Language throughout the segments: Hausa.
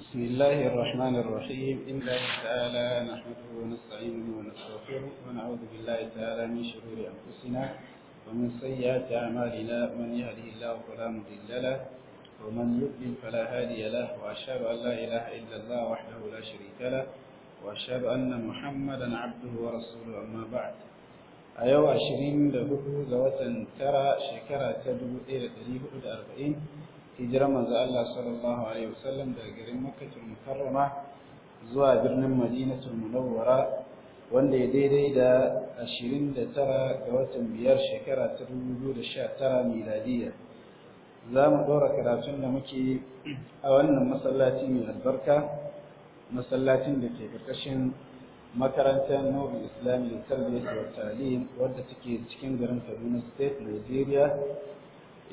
بسم الله الرحمن الرحيم إن الله تعالى نحمده ونستعينه ونستغفره ونعوذ بالله تعالى من شرور أنفسنا ومن سيئات أعمالنا من يهده الله فلا مضل له ومن يضلل فلا هادي له وأشهد أن لا إله إلا الله وحده لا شريك له وأشهد أن محمدا عبده ورسوله أما بعد أيوة عشرين لهو زوة ترى شكرة تدو إلى hijirar manzo Allah sallallahu alaihi wasallam daga garin Makkatul Mukarrama zuwa birnin Madinatul Munawwara wanda ya daidai da 29 ga watan biyar shekara ta 2019 miladiya za mu ɗora karatun da muke a wannan masallaci mai albarka masallacin da ke ƙarƙashin makarantar Nobel Islamic Tarbiyya wa Talim wadda take cikin garin Kaduna State, Nigeria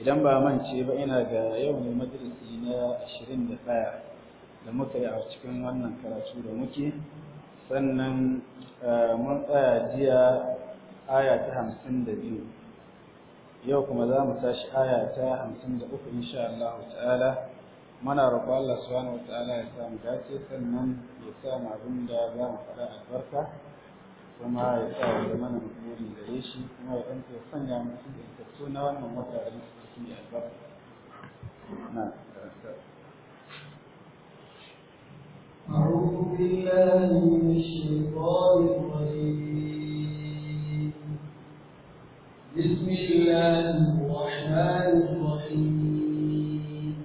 idan ba mance ba ina ga yau ne majalisi na 21 da muka yi a cikin wannan karatu da muke sannan mun tsaya jiya aya ta 52 yau kuma za mu tashi aya ta 53 insha Allah ta'ala muna roƙo Allah subhanahu ta'ala ya sa mu dace sannan ya sa mu abin da za mu faɗa albarka kuma ya sa mu zama na mutumuri gare shi kuma ya ɗan sanya mu cikin na wannan wata نعم. أعوذ بالله من الشيطان الرجيم بسم الله الرحمن الرحيم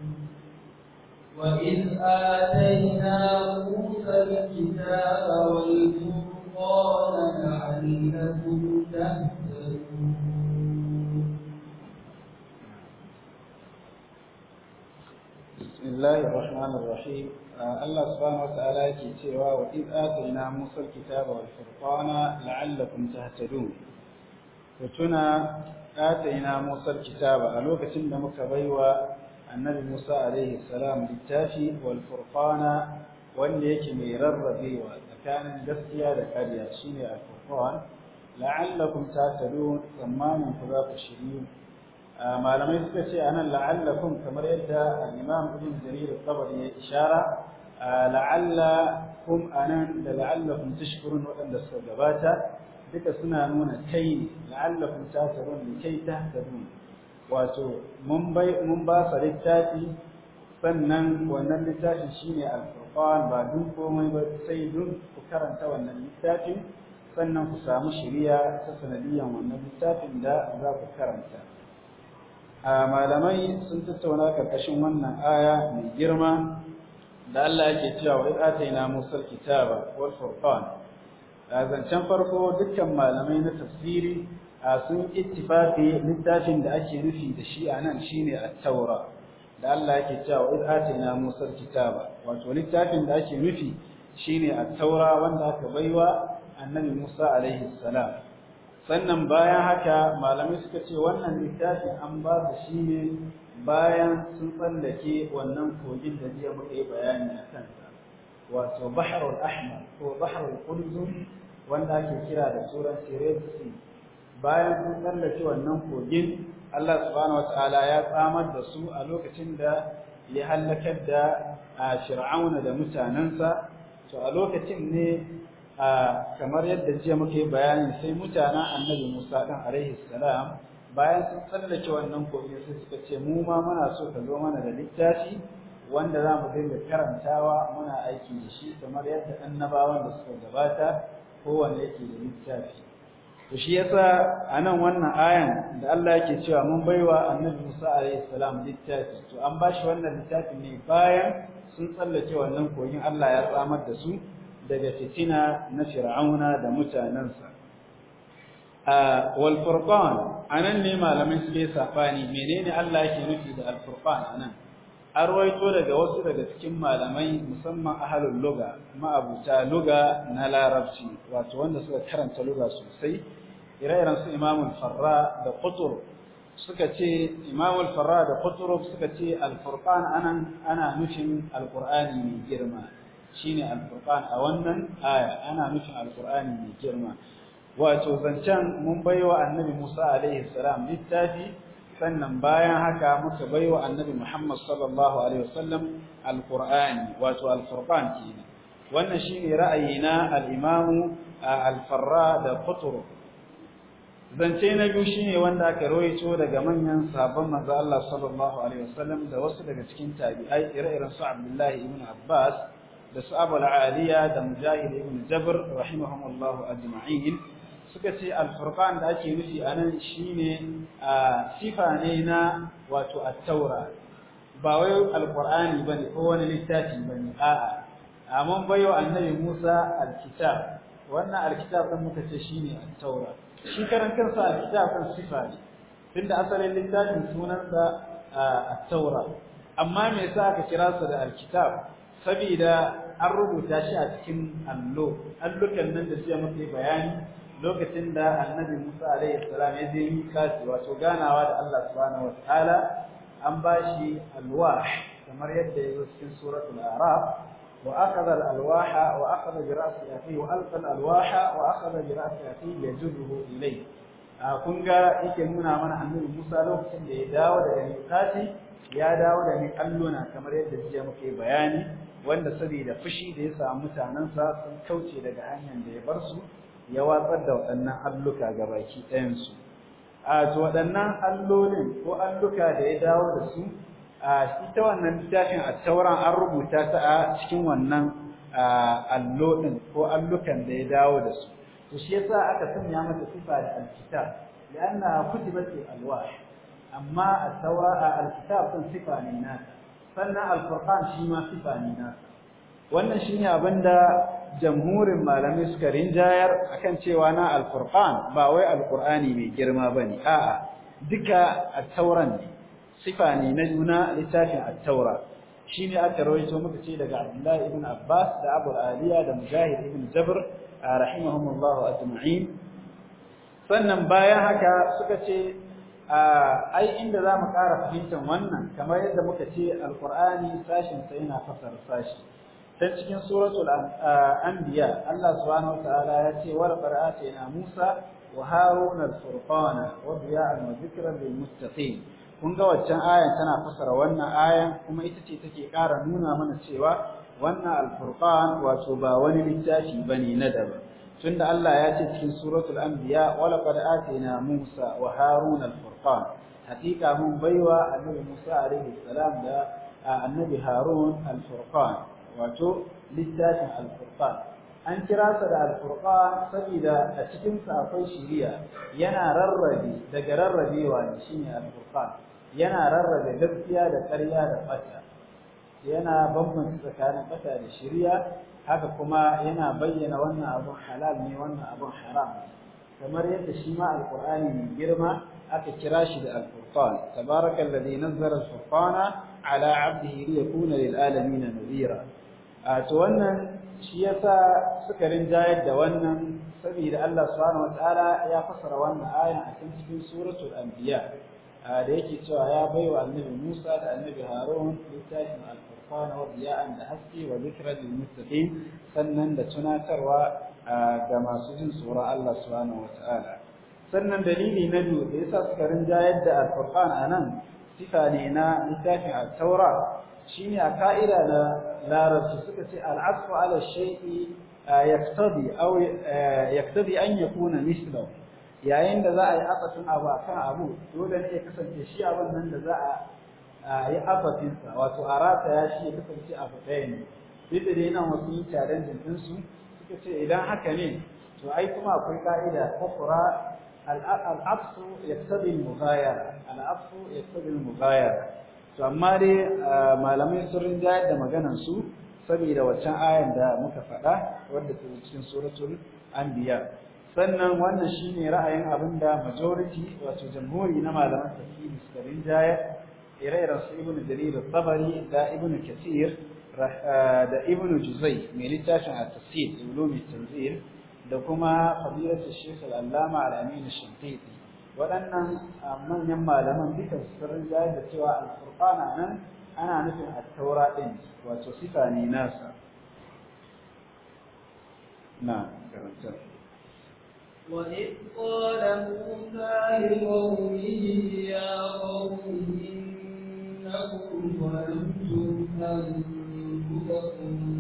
وإذ آتينا موسى الكتاب والفرقان لعلكم تهتدون bismillahir rahmanir rahim Allah subhanahu wataala yake cewa wa id atayna musa alkitaba wal furqana la'allakum tahtadun ku tuna atayna a lokacin da muka baiwa annabi musa alaihi salam littafi wal wanda yake mai rarrabewa tsakanin gaskiya da ƙarya shine al furqan la'allakum tsammanin ku za malamai suka ce a nan la'allakum kamar yadda al-imam ibn jarir al-tabari ya ishara la'allakum anan da la'allakum tashkurun wadanda suka gabata duka suna nuna kai la'allakum tasirun li kai tahtadun wato mun bai mun ba sa littafi sannan wannan littafin shine al ba dun komai ba sai dun ku karanta wannan littafin sannan ku samu shiriya ta sanadiyan wannan littafin da za ku karanta malamai sun tattauna karkashin wannan aya mai girma da Allah yake cewa wa ina musal kitaba wal furqan zancen farko dukkan malamai na tafsiri sun ittifaqi littafin da ake nufi da shi a nan shine at-taura da Allah yake cewa wa ina musal kitaba wato littafin da ake nufi shine at-taura wanda aka baiwa annabi Musa alaihi salam sannan bayan haka malamai suka ce wannan littafi an ba su shi ne bayan sun tsallake wannan kogin da jiya muka yi bayani a kansa wato baharul ahmar ko baharul kurzum wanda ake kira da suran siresi bayan sun tsallake wannan kogin Allah subhanahu ya tsamar da su a lokacin da ya hallakar da a shir'auna da mutanensa to a lokacin ne kamar yadda jiya muke bayani sai mutanen annabi Musa dan alaihi salam bayan sun tsallake wannan koyi sai suka ce mu ma muna so ka zo mana da littafi wanda za mu dinga karantawa muna aiki da shi kamar yadda annabawan da suka gabata kowanne yake da littafi to shi yasa nan wannan ayan da Allah yake cewa mun baiwa annabi Musa alaihi salam littafi to an bashi wannan littafin ne bayan sun tsallake wannan koyin Allah ya tsamar da su daga fitina na fir'auna da mutanansa a wal anan ne malamai suke safani menene Allah yake nufi da al anan arwaito daga wasu daga cikin malamai musamman ahlul luga ma'abuta luga na larabci wato wanda suka karanta luga sosai ire-iren su imamul farra da qutur suka ce imamul farra da qutur suka ce al anan ana nufin al mai girma shine alqur'an a wannan aya ana nufin alqur'ani mai girma wato zancan mun baiwa annabi Musa alaihi salam littafi sannan bayan haka muka baiwa annabi Muhammad sallallahu alaihi wasallam alqur'ani wato alfurqan kenan wannan shine ra'ayina al-imam al-farra da qutr zance na biyu shine wanda aka rawaito daga manyan sabon manzo Allah sallallahu alaihi wasallam da wasu daga cikin tabi'ai ire-iren su Abdullahi ibn Abbas da Su'abu al-Aliya da Mujahid ibn Jabr rahimahumullah ajma'in suka ce al-Furqan da ake nufi nan shine sifa ne na wato at-Taura ba wai al-Qur'ani bane ko wani littafi bane a'a amma bayo annabi Musa al-kitab wannan al-kitab din muka ce shine at-Taura shi karan kansa al-kitab sifa ne tunda asalin littafin sunansa at-Taura amma me yasa aka kira sa da al-kitab saboda an rubuta shi a cikin allo allukan nan da jiya muke bayani lokacin da annabi Musa alaihi salam ya je yi wato ganawa da Allah subhanahu wataala an bashi alwah kamar yadda zo cikin suratul a'raf wa akhadha alwaha wa akhadha bi ra'si akhihi wa alqa alwaha wa akhadha bi ra'si akhihi yajuruhu ilayhi kun ga yake nuna mana annabi Musa lokacin da ya dawo daga mikati ya dawo da ni allona kamar yadda jiya muke bayani wanda saboda fushi da ya samu mutanensa sun kauce daga hanyar da ya bar su ya watsar da waɗannan alluka ga baki ɗayansu a to waɗannan allolin ko alluka da ya dawo da su a ita wannan littafin a tauran an rubuta ta a cikin wannan allolin ko allukan da ya dawo da su to shi yasa aka sanya mata sifa da alkitab li'anna kutibat alwah amma at-tawra al'kitab sun sifa ne nata sannan alfurqan shi ma sifa na wannan shine abinda jamhurin malamai suka rinjayar akan cewa na alfurqan ba wai alqur'ani mai girma bane a'a duka at-tauran ne sifa na juna littafin at-taura shine aka rawaito muka ce daga Abdullah ibn Abbas da Abu Aliya da Mujahid ibn Jabr rahimahumullah ajma'in sannan bayan haka suka ce ai inda za mu ƙara fahimtar wannan kamar yadda muka ce alƙur'ani sashinsa yana fasar sashi ta cikin suratul anbiya Allah subhanahu ya ce wa qara'ata ina Musa wa Harun al-furqana wa biya'an wa zikran lil muttaqin kun ga waccan ayan tana fasara wannan ayan kuma ita ce take ƙara nuna mana cewa wannan al-furqan wato ba wani littafi bane na daban tunda Allah ya ce cikin suratul anbiya wa laqad atina Musa wa Harun al Haƙiƙa mun baiwa بيوى النبي موسى da a annabi Harun هارون wato littafin للتاسم an kira sa da alfurqa sabida a cikin sa akwai shiriya yana rarrabe daga rarrabewa ne shine alfurqa yana rarrabe gaskiya da ƙarya da fata yana bambanta tsakanin fata da shirya. haka kuma yana bayyana wannan abun halal ne wannan abun haram kamar yadda shi ma Alƙur'ani mai girma aka kira shi da alfurqan tabarakallazi nazzara alfurqana ala 'abdihi liyakuna lil na nadhira a to wannan shi yasa suka rinjayar da wannan saboda Allah subhanahu wataala ya fasara wannan ayan a cikin suratul anbiya da yake cewa ya bai wa annabi Musa da annabi Harun littafin alfurqan wa diya'an da haske wa zikra lil muttaqin sannan da tunatarwa ga masu jin tsoron Allah subhanahu wata'ala sannan dalili na biyu da yasa suka rinjayar da a nan. sifa ne na littafin at-taura shine a ka'ida na larabci suka ce al-asfu ala shay'i yaqtadi aw yaqtadi an yakuna yayin da za a yi asafin abu akan abu dole ne ya kasance shi abin nan da za a yi asafinsa wato a rataya shi ya kasance abu ɗaya ne duk da dai nan wasu yi challenge ɗinsu suka ce idan haka ne to ai kuma akwai ka'ida ukhra al-aqsu yaqtadi al-mughayara al-aqsu yaqtadi al-mughayara to amma dai malamai sun rinjayar da maganar su saboda waccan ayan da muka faɗa wadda ke cikin suratul anbiya sannan wannan shine ra'ayin abinda majority wato jamhuri na malaman tafsiri suka rinjayar ire-iren su ibnu jarir al-tabari da ibnu kathir da ibnu juzai mai littafin at-tafsir ulumi tanzil da kuma fadilatu shaykh al-allama al-amin ash-shafi'i waɗannan manyan malaman duka sun rinjaye da cewa al-qur'ana nan ana nufin at-taura din wato sifa ne nasa na karanta وإذ قال موسى لقومه يا قوم إنكم ظلمتم أنفسكم لكم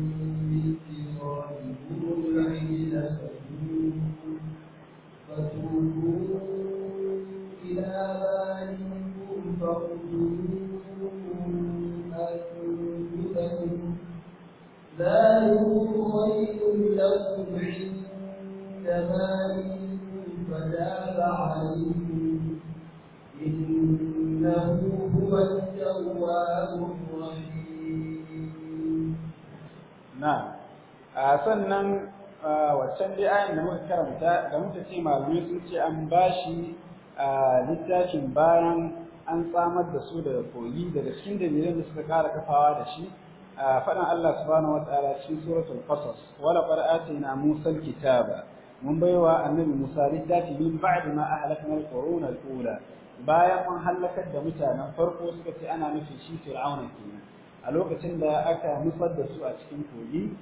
suka ce malamai sun ce an bashi a littafin bayan an tsamar da su daga kogi daga cikin dalilan da suka kara kafawa da shi faɗin Allah subhanahu wataala cikin suratul qasas wala qad atayna musa alkitaba mun baiwa annabi musa littafi min ba'di ma ahlakna alquruna alula bayan an halakar da mutanen farko suka ce ana nufin shi fir'auna kenan a lokacin da aka nufar da su a cikin kogi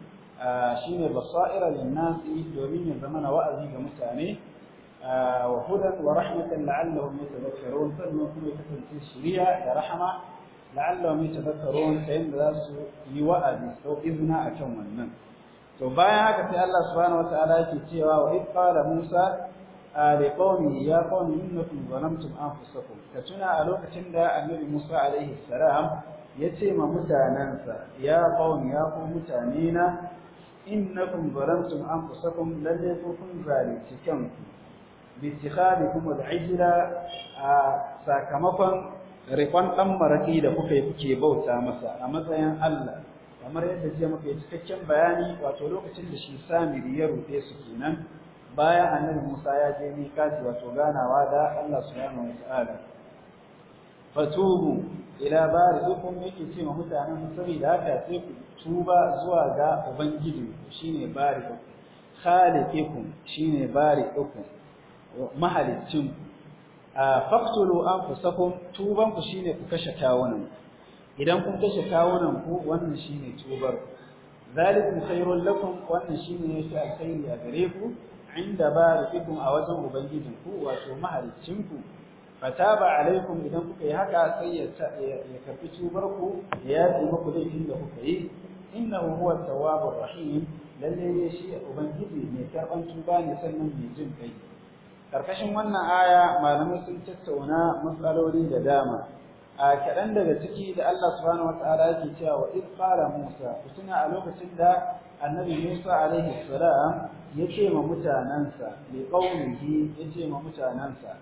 shine basaira linnasi domin ya zama na wa'azi ga mutane wa hudan wa rahmatan la'allahum yatadhakkarun sannan kuma ya kasance shiriya da rahama la'allahum yatadhakkarun ta yanda za su yi wa'azi sau izina a kan wannan to bayan haka sai Allah subhanahu wataala yake cewa wa id qala musa li qaumi ya qaumi innakum zalamtum anfusakum ka tuna a lokacin da annabi musa alaihi salam ya ce ma mutanansa ya qaumi ya ku mutanena innakum zalamtum anfusakum lalle ku kun zalunci kanku bi ittikhadikum al-ijla sakamakon rifan dan maraki da kuka yi kuke bauta masa a matsayin Allah kamar yadda jiya muka yi cikakken bayani wato lokacin da shi Samiri ya rufe su kenan bayan annabi Musa ya je mikati wato ganawa da Allah subhanahu wataala fatubu ila barikum yake ce ma mutanen saboda haka sai ku tuba zuwa ga ubangiji shine ku khaliqukum shine ku mahalicin faqtulu anfusakum tuban ku shine ku kashe kawunan idan kun kashe tawunan ku wannan shine tubar zalikum khairul lakum wannan shine yake alkhairi a gare ku inda ku a wajen ubangiji ku wato mahalicin ku fataba alaikum idan kuka yi haka sai ya karbi tubar ku ya yi muku laifin da kuka yi innahu huwa tawwabur rahim lalle ne shi ubangiji mai karban tuba ne sannan mai jin kai karkashin wannan aya malamai sun tattauna matsaloli da dama a kaɗan daga ciki da Allah subhanahu wataala yake cewa wa id qala Musa kutuna a lokacin da annabi Musa alaihi salam ya ce ma mutanansa li qaumihi ya ce ma mutanansa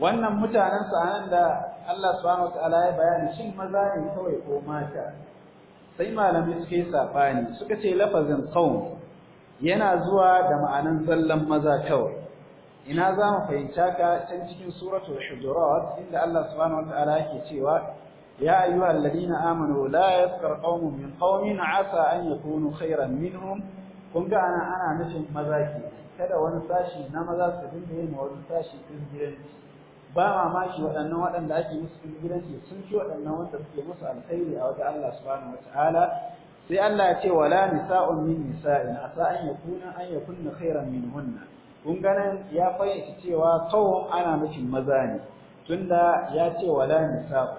wannan mutanansa anan da Allah subhanahu wataala ya bayani shin maza ne kawai ko mata sai malamai suka yi safani suka ce lafazin qaum yana zuwa da ma'anan zallan maza kawai ina za mu fahimta ka can cikin suratul hujurat inda Allah subhanahu wataala yake cewa ya ayyuhal ladina amanu la yaskar qaumun min qaumin asa an yakunu khairan minhum kun ga ana ana nufin maza ke kada wani sashi na maza su dinga yin wani sashi din gidanci ba mamaki waɗannan waɗanda ake musu gidanci sun fi waɗannan wanda suke musu alkhairi a wajen Allah subhanahu wataala sai Allah ya ce wala nisa'un min nisa'in asa an yakuna an yakunna khairan hunna kun ganin ya fayyace cewa tsawon ana nufin maza ne tunda ya ce wala nisa'u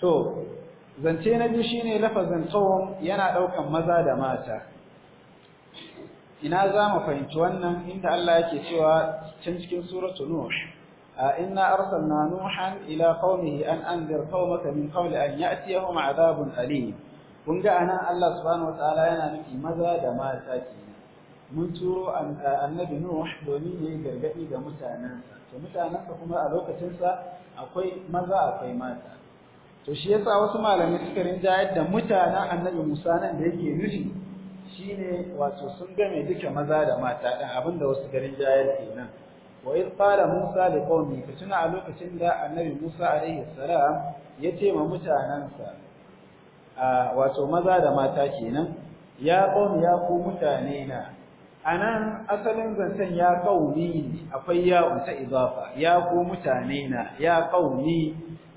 to zance na biyu shine lafazin tsawon yana ɗaukan maza da mata ina za mu fahimci wannan inda Allah yake cewa can cikin suratul nur إنا أرسلنا نوحا إلى قومه أن أنذر قومك من قبل أن يأتيهم عذاب أليم kun ga anan Allah subhanahu wataala yana nufi maza da mata ke mun turo annabi Nuh domin yayi gargadi ga mutanansa to mutanansa kuma a lokacinsa sa akwai maza akwai mata to shi yasa wasu malamai suka rinja yadda mutanen annabi Musa nan da yake nufi shine wato sun game duka maza da mata din abinda wasu garin jayar kenan wa idh qala musa liqaumihi ka tuna a lokacin da annabi musa alaihi salam ya ce ma mutanansa wato maza da mata kenan ya qaumi ya ku mutane na anan asalin zancen ya qaumi ne akwai ya ta idafa ya ku mutane na ya qaumi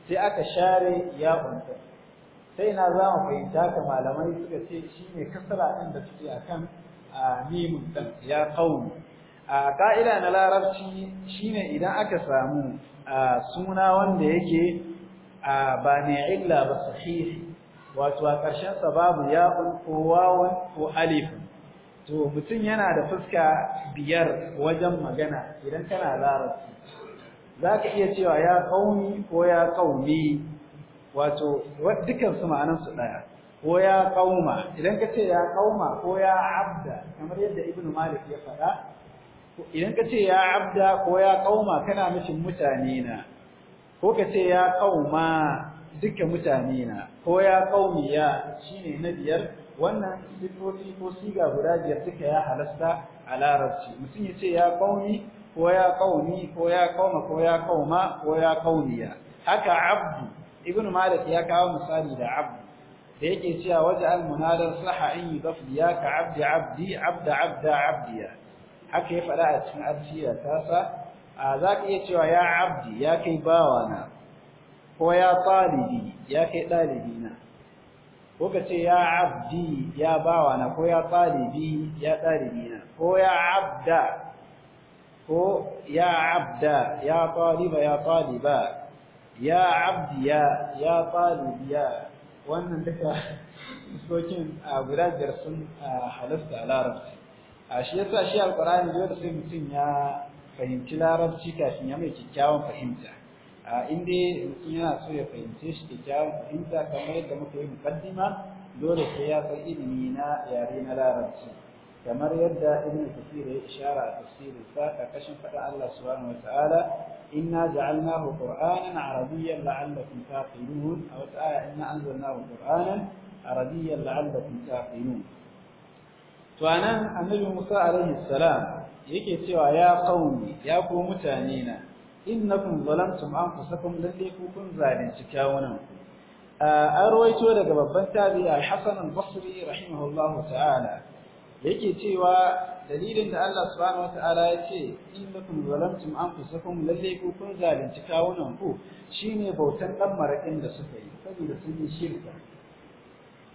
sai aka share ya unta sai na za mu fahimta ka malamai suka ce shine kasara din da suke akan mimun dan ya qaumi a ka'ida na larabci shine idan aka samu suna wanda yake ba ne illa ba sahihi wato a ƙarshen sa babu ya'un ko wawan ko alif to mutum yana da fuska biyar wajen magana idan kana larabci zaka iya cewa ya kauni ko ya kauni wato dukkan su ma'anan su daya ko ya kauma idan ka ce ya kauma ko ya abda kamar yadda ibnu malik ya faɗa idan ka ce ya abda ko ya kauma kana mishin mutane na ko ka ce ya kauma duka mutane na ko ya shi shine na biyar wannan sifofi ko siga guda biyar duka ya halasta a larabci mutum ya ce ya kauni ko ya kauni ko ya kauma ko ya kauma ko ya qaumiya haka abdu Ibn malik ya kawo misali da abdu da yake cewa waje al munadar saha in ya ka abdi abdi abda abda abdiya aka yi faɗa a cikin da tasa a za ka iya cewa ya abdi ya kai bawana ko ya talibi ya kai ɗalibina ko ka ce ya abdi ya bawana ko ya talibi ya ɗalibina ko ya abda ko ya abda ya taliba ya taliba ya abdi ya ya talibi ya wannan duka sokin a guda biyar sun halasta a larabci a shi yasa shi alqur'ani dole sai mutum ya fahimci larabci kafin ya mai kyakkyawan fahimta a inda mutum yana so ya fahimce shi kyakkyawan fahimta kamar yadda muka yi mukaddima dole sai ya san ilimi na yare na larabci kamar yadda ibn kathir ya ishara a tafsirin sa karkashin fada Allah subhanahu wataala inna ja'alnahu qur'anan arabiyyan la'allakum taqilun aw ta'ala inna anzalnahu qur'anan arabiyyan la'allakum taqilun to anan annabi Musa alaihi salam yake cewa ya qaumi ya ku mutane na innakum zalamtum anfusakum lalle ku kun zalunci kawunan ku a arwaito daga babban tabi'i al-Hasan al-Basri rahimahullahu ta'ala yake cewa dalilin da Allah subhanahu wataala ya ce innakum zalamtum anfusakum lalle ku kun zalunci kawunan ku shine bautan dan marakin da suka yi saboda sun yi shirka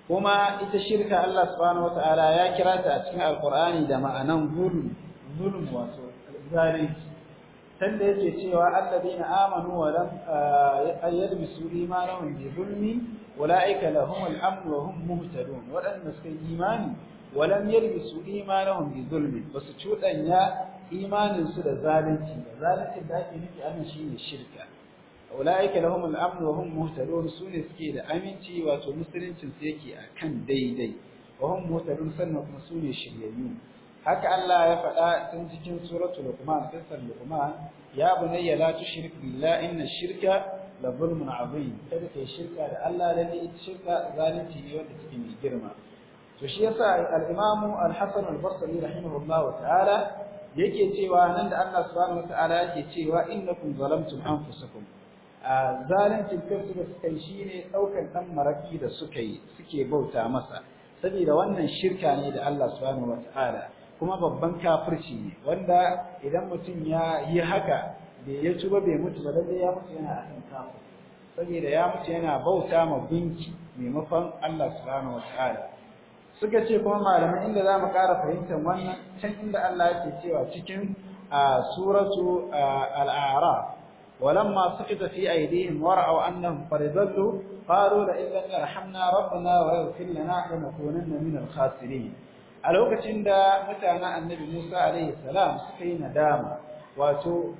kuma ita shirka Allah subhanahu wataala ya kira ta a cikin alqur'ani da ma'anan zulm zulm wato zalunci sanda yake cewa alladheena amanu wa lam ah, yalbisu imanahum bi zulmi ulaika lahum al-amn wa hum muhtadun wadanda suka yi imani wa lam yalbisu imanahum bi zulmi basu cudanya imanin su da zalunci ba. zalunci da ake nufi anan shine shirka ulaika lahum al-amn wa hum muhtadun sune suke da aminci wato musuluncin su a kan daidai wa hum muhtadun sannan kuma sune shiryayyu haka Allah ya faɗa tun cikin suratul Luqman kisar Luqman ya bunayya la tushrik billahi inna shirka la zulmun azim kada kai shirka da Allah lalle ita shirka zalunci ne wanda take mai girma to shi yasa al-Imam al-Hasan al-Basri rahimahullahu yake cewa nan da Allah subhanahu wa ta'ala yake cewa innakum zalamtum anfusakum zalincin kansu da suka yi shine ɗaukan ɗan maraƙi da suka yi suke bauta masa saboda wannan shirka ne da Allah subhanahu wataala kuma babban kafirci ne wanda idan mutum ya yi haka da ya tuba bai mutu ba dan ya mutu yana akan kafu saboda ya mutu yana bauta ma binci, maimakon Allah subhanahu wataala suka ce kuma malamin, inda za mu ƙara fahimtar wannan can inda Allah yake cewa cikin suratu al-a'raf ولما سقط في أيديهم da أنهم قد ضلوا قالوا لئن لم يرحمنا ربنا ويغفر لنا لنكونن من الخاسرين a lokacin da mutanen annabi Musa alaihi salam suka yi nadama wato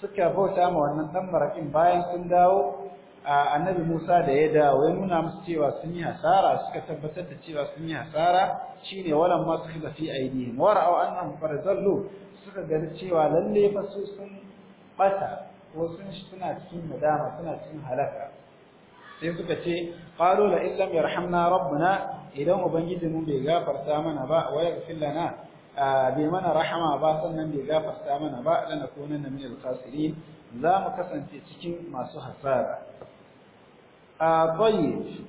suka bauta ma wannan dan marakin bayan sun dawo A annabi Musa da ya dawo ya nuna musu cewa sun yi hasara suka tabbatar da cewa sun yi hasara shine walan ma suka fi aidihim wa ra'aw annahum qad zallu suka ga cewa lalle fa su sun bata wasu suna cikin nadama suna cikin halaka sai suka ce qalu la illam yarhamna rabbuna idan mu bai gafarta mana ba wa yaghfir lana bai mana rahama ba sannan bai gafarta mana ba lanakunanna min al-khasirin za mu kasance cikin masu hasara a tayyib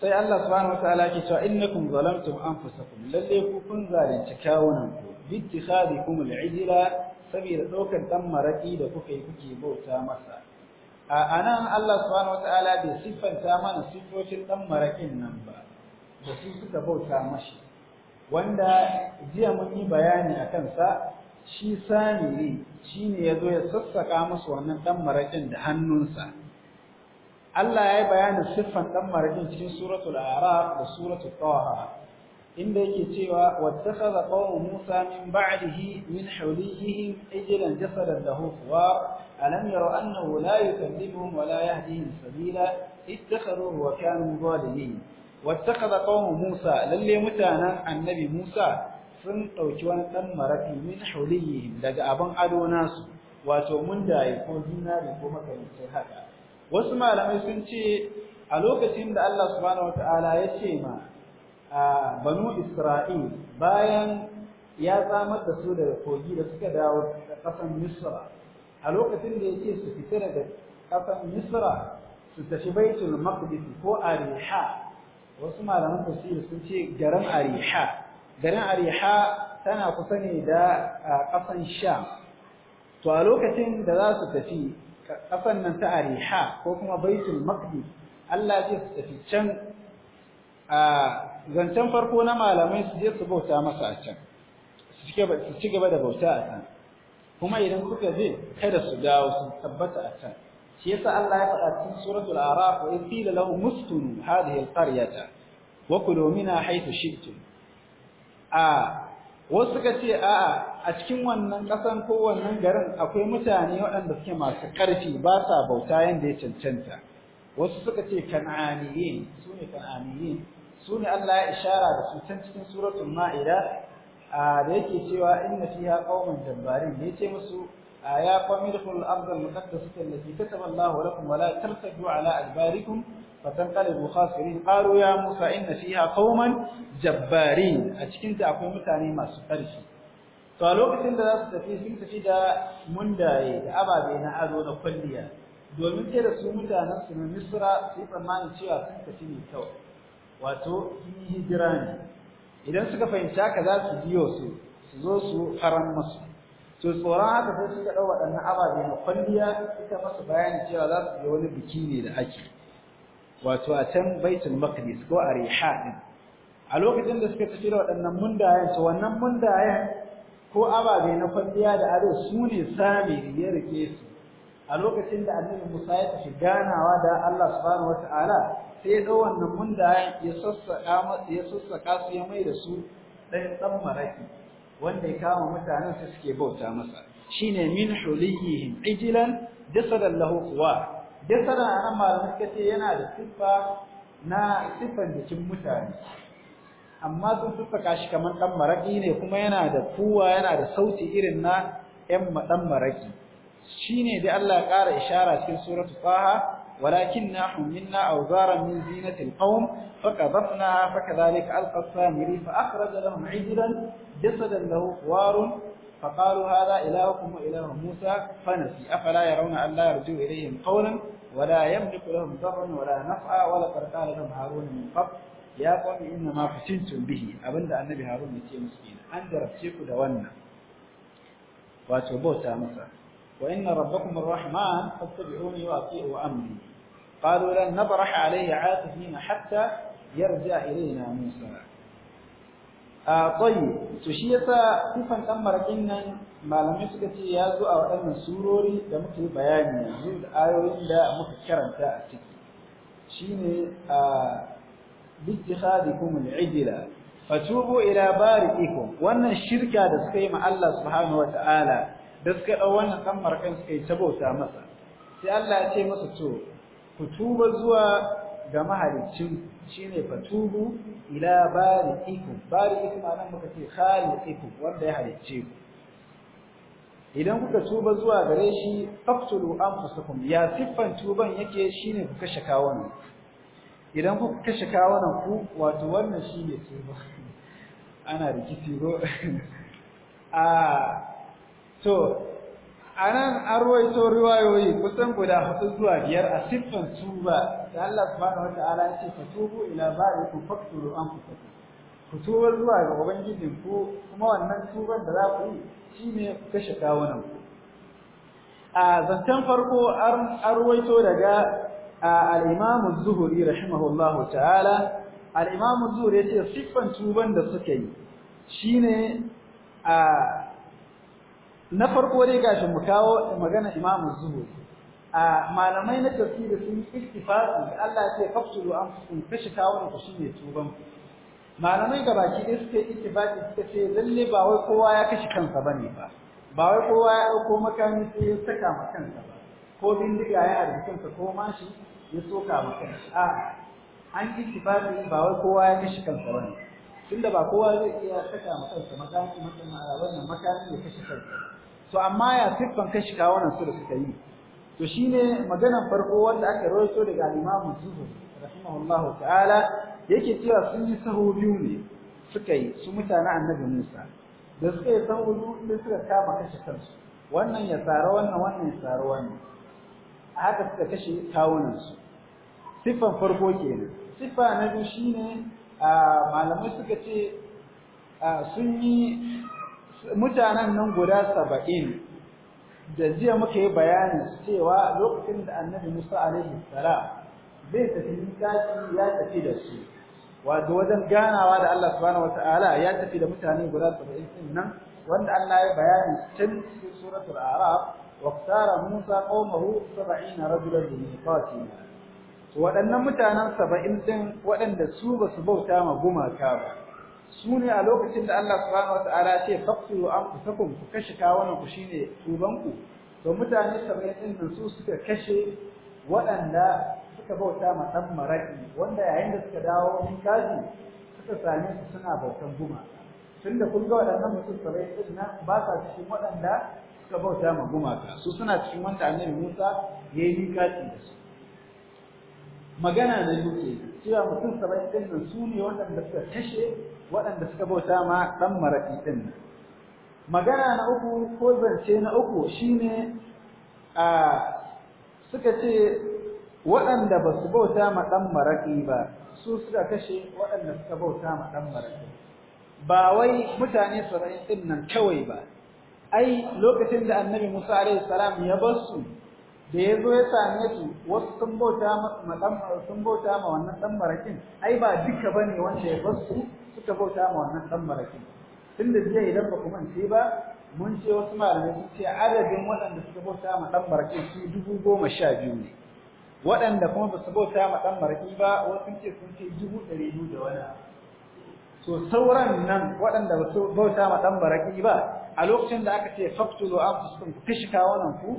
sai Allah subhanahu wataala ke cewa innakum zalamtum anfusakum lalle ku kun zalunci kyawunan ku bi ittikhadikum al-ijla saboda ɗaukar ɗan maraƙi da kuka yi kuke bauta masa a anan Allah subhanahu wataala bai siffanta mana siffocin ɗan maraƙin nan ba da su suka bauta mashi wanda jiya mun yi bayani akan sa shi sani ne shi ne ya zo ya sassaka musu wannan ɗan marakin da hannunsa Allah ya yi bayanin siffan ɗan marakin cikin suratul araf da suratul tawaha inda yake cewa wattakhadha qawmu Musa min ba'dihi min hulihihim ijlan jasadan lahu khuwar alam yaraw annahu la yukallimuhum wa la yahdihim sabila ittakhaduhu wa kanu zalimin wattakhadha qawmu Musa lalle mutanen annabi Musa sun ɗauki wani ɗan marafi min hulihihim daga abin ado nasu wato mun daye ko zinari ko makamancin haka wasu malamai sun ce a lokacin da Allah subhanahu wataala ya ce ma banu Isra'il bayan ya tsamar da su daga kogi da suka dawo da kasan Misra a lokacin da yake su fita daga ƙasar Misra su tafi Baitul Maqdis ko Ariha wasu malaman tafsir sun ce garin Ariha garin Ariha tana kusa ne da ƙasar Sham to a lokacin da za su tafi ƙasar nan ta Ariha ko kuma Baitul Maqdis Allah zai su tafi can zancen farko na malamai su je su bauta masa a can su ci gaba da bauta a can kuma idan suka je kada su dawo sun tabbata a can shi yasa Allah ya faɗa cikin suratul araf wa qila lahu uskunu hadhihi alqaryata wa kulu minha haythu shi'tum a wasu suka ce a'a a cikin wannan kasan ko wannan garin akwai mutane waɗanda suke masu ƙarfi ba sa bauta yanda ya cancanta wasu suka ce kan'aniyin su ne kan'aniyin su ne Allah ya ishara da su can cikin suratul ma'ida da yake cewa inna fiha qauman jabbarin ne ce musu ya qamirul ardh al-muqaddasah allati kataba Allahu lakum wa la tartadu ala adbarikum fatanqalibu khasirin qalu ya Musa inna fiha qauman jabbarin a cikin ta akwai mutane masu ƙarfi to a lokacin da za su tafi sun tafi da mundaye da ababe na ado na kwalliya domin sai da su mutanen su na Misra su yi tsammanin cewa sun tafi ne kawai wato hijira ne idan suka fahimci haka za su biyo su su zo su haram musu to tsoron haka sai suka ɗau waɗannan ababe na kwalliya suka masa bayani cewa za su je wani biki ne da ake wato a can baitul maqdis ko a riha ɗin a lokacin da suka tafi da waɗannan mundayen to wannan mundayen ko ababe na kwalliya da ado su ne sami ya rike su a lokacin da annabi Musa ya tafi ganawa da Allah subhanahu wata'ala sai ya ga wannan munda ya sassaka masa ya sassaka su ya mai da su dan dan maraki wanda ya kama mutanen su suke bauta masa shine min hulihim ijlan dasadan lahu quwa dasadan anan malamin kace yana da siffa na siffan jikin mutane amma sun sassaka shi kamar dan maraki ne kuma yana da kuwa yana da sauti irin na ƴan ɗan maraki Shi ne dai Allah ya ƙara ishara cikin suratul Taha walakin nahnu minna awzara min zinatil qaum faqadna fakadhalika alqasamiri fa akhraja lahum ijran jasadan lahu warun faqalu hadha ilahukum wa ilahu Musa fanasi afala yarawna an la yarju ilayhim qawlan wala yamliku lahum dharran wala naf'a wala qarqala lahum harun min qab ya qawmi inna ma fasintum bihi abinda annabi harun yace musu kenan an darace ku da wannan wato bauta masa وإن ربكم الرحمن فاتبعوني وأطيعوا أمري قالوا لن نبرح عليه عاكفين حتى يرجع إلينا موسى آه طيب تشيطا كيفا تمر إن ما لم يسكت يازو أو أن سوروري لمكي بياني زود آيوين لا مكرم تأتي شيني آه باتخاذكم العجلة فتوبوا إلى بارئكم وأن الشركة دسكيم الله سبحانه وتعالى da suka wannan ɗan markan ke yi ta bauta masa sai Allah ya ce masa to ku tuba zuwa ga shi shine fatubu ila bari'ikum ma nan muka ce khaliqiku wanda ya halicce ku idan kuka tuba zuwa gare shi faqtulu anfusakum ya siffan tuban yake shine ku kashe kawunan idan kuka kashe kawunan ku wato wannan shine tuba ana rikici go a ah, to anan an ruwaito riwayoyi kusan guda hudu zuwa biyar a siffan tuba da Allah subhanahu wataala ya ce tubu ila ba'ikum faqtulu anfusakum ku tuba zuwa ga ubangijin ku kuma wannan tuban da za ku yi shine ku kashe kawunan ku a zancen farko an ruwaito daga al-Imam az-Zuhri rahimahullahu ta'ala al-Imam az-Zuhri yace siffan tuban da suka yi shine a na farko dai gashi mu kawo magana Imam Zuhri a malamai na tafsiri sun yi da Allah ya fafsuru an kun kashi kawo ku shine tuban malamai ga baki dai suka yi ittifaqi suka ce lalle ba wai kowa ya kashi kansa bane ba ba wai kowa ya dauko makami sai ya saka ma kansa ba ko bindiga ya harbi kansa ko mashi ya soka ma kansa a an ittifaqi ba wai kowa ya kashi kansa bane tunda ba kowa zai iya saka ma kansa makami wannan makami ya kashi kansa to amma ya siffan kashi ka wannan su da suka yi to shine maganar farko wanda aka rawaito daga al-Imam Zuhri rahimahullahu ta'ala yake cewa sun yi sahu biyu ne suka yi su mutanen Annabi Musa da suka yi sahu biyu ne suka kama kashi kansu wannan ya tsara wannan wannan ya tsara wannan haka suka kashe kawunan su siffan farko kenan siffa na biyu shine malamai suka ce sun yi mutanen nan guda saba'in da jiya muka yi bayanin cewa lokacin da annabi Musa alaihi salam zai tafi miƙaci ya tafi da su wato wajen ganawa da Allah subhanahu ta'ala ya tafi da mutane guda saba'in din nan wanda Allah ya bayani tun cikin suratul a'raf واختار موسى قومه سبعين رجلا لميقاتنا waɗannan mutanen saba'in ɗin waɗanda su ba su bauta ma gumaka ba su ne a lokacin da Allah subhanahu wataala ce faqtulu anfusakum ku kashe kawunan ku shine tubanku to mutane saba'in yin nan su suka kashe waɗanda suka bauta ma maraƙi wanda yayin da suka dawo wani kaji suka sami su suna bautan tun tunda kun ga waɗannan mutum 70 yin nan ba sa cikin waɗanda suka bauta ma gumaka su suna cikin wanda Annabi Musa ya yayi kaji da su magana da yake cewa mutum saba'in din nan su ne waɗanda suka kashe waɗanda suka bauta ma ɗan maraƙi ɗin magana na uku ko zance na uku shine a suka ce waɗanda ba su bauta ma ɗan maraƙi ba su suka kashe waɗanda suka bauta ma ɗan maraƙi ba wai mutane saba'in ɗin nan kawai ba ai lokacin da annabi musa alaihi salam ya bar su da ya zo ya same su wasu sun bauta ma sun bauta ma wannan dan barakin ai ba duka bane wanda ya basu suka bauta ma wannan dan barakin tunda jiya idan ba ku ce ba mun ce wasu malamai sun ce adadin waɗanda suka bauta ma dan barakin shi dubu goma sha biyu ne waɗanda kuma ba su bauta ma dan baraki ba wasu ce sun ce dubu ɗari biyu da wani so sauran nan waɗanda ba su bauta ma dan baraki ba a lokacin da aka ce faktulu anfusakum ku kashi kawo nan ku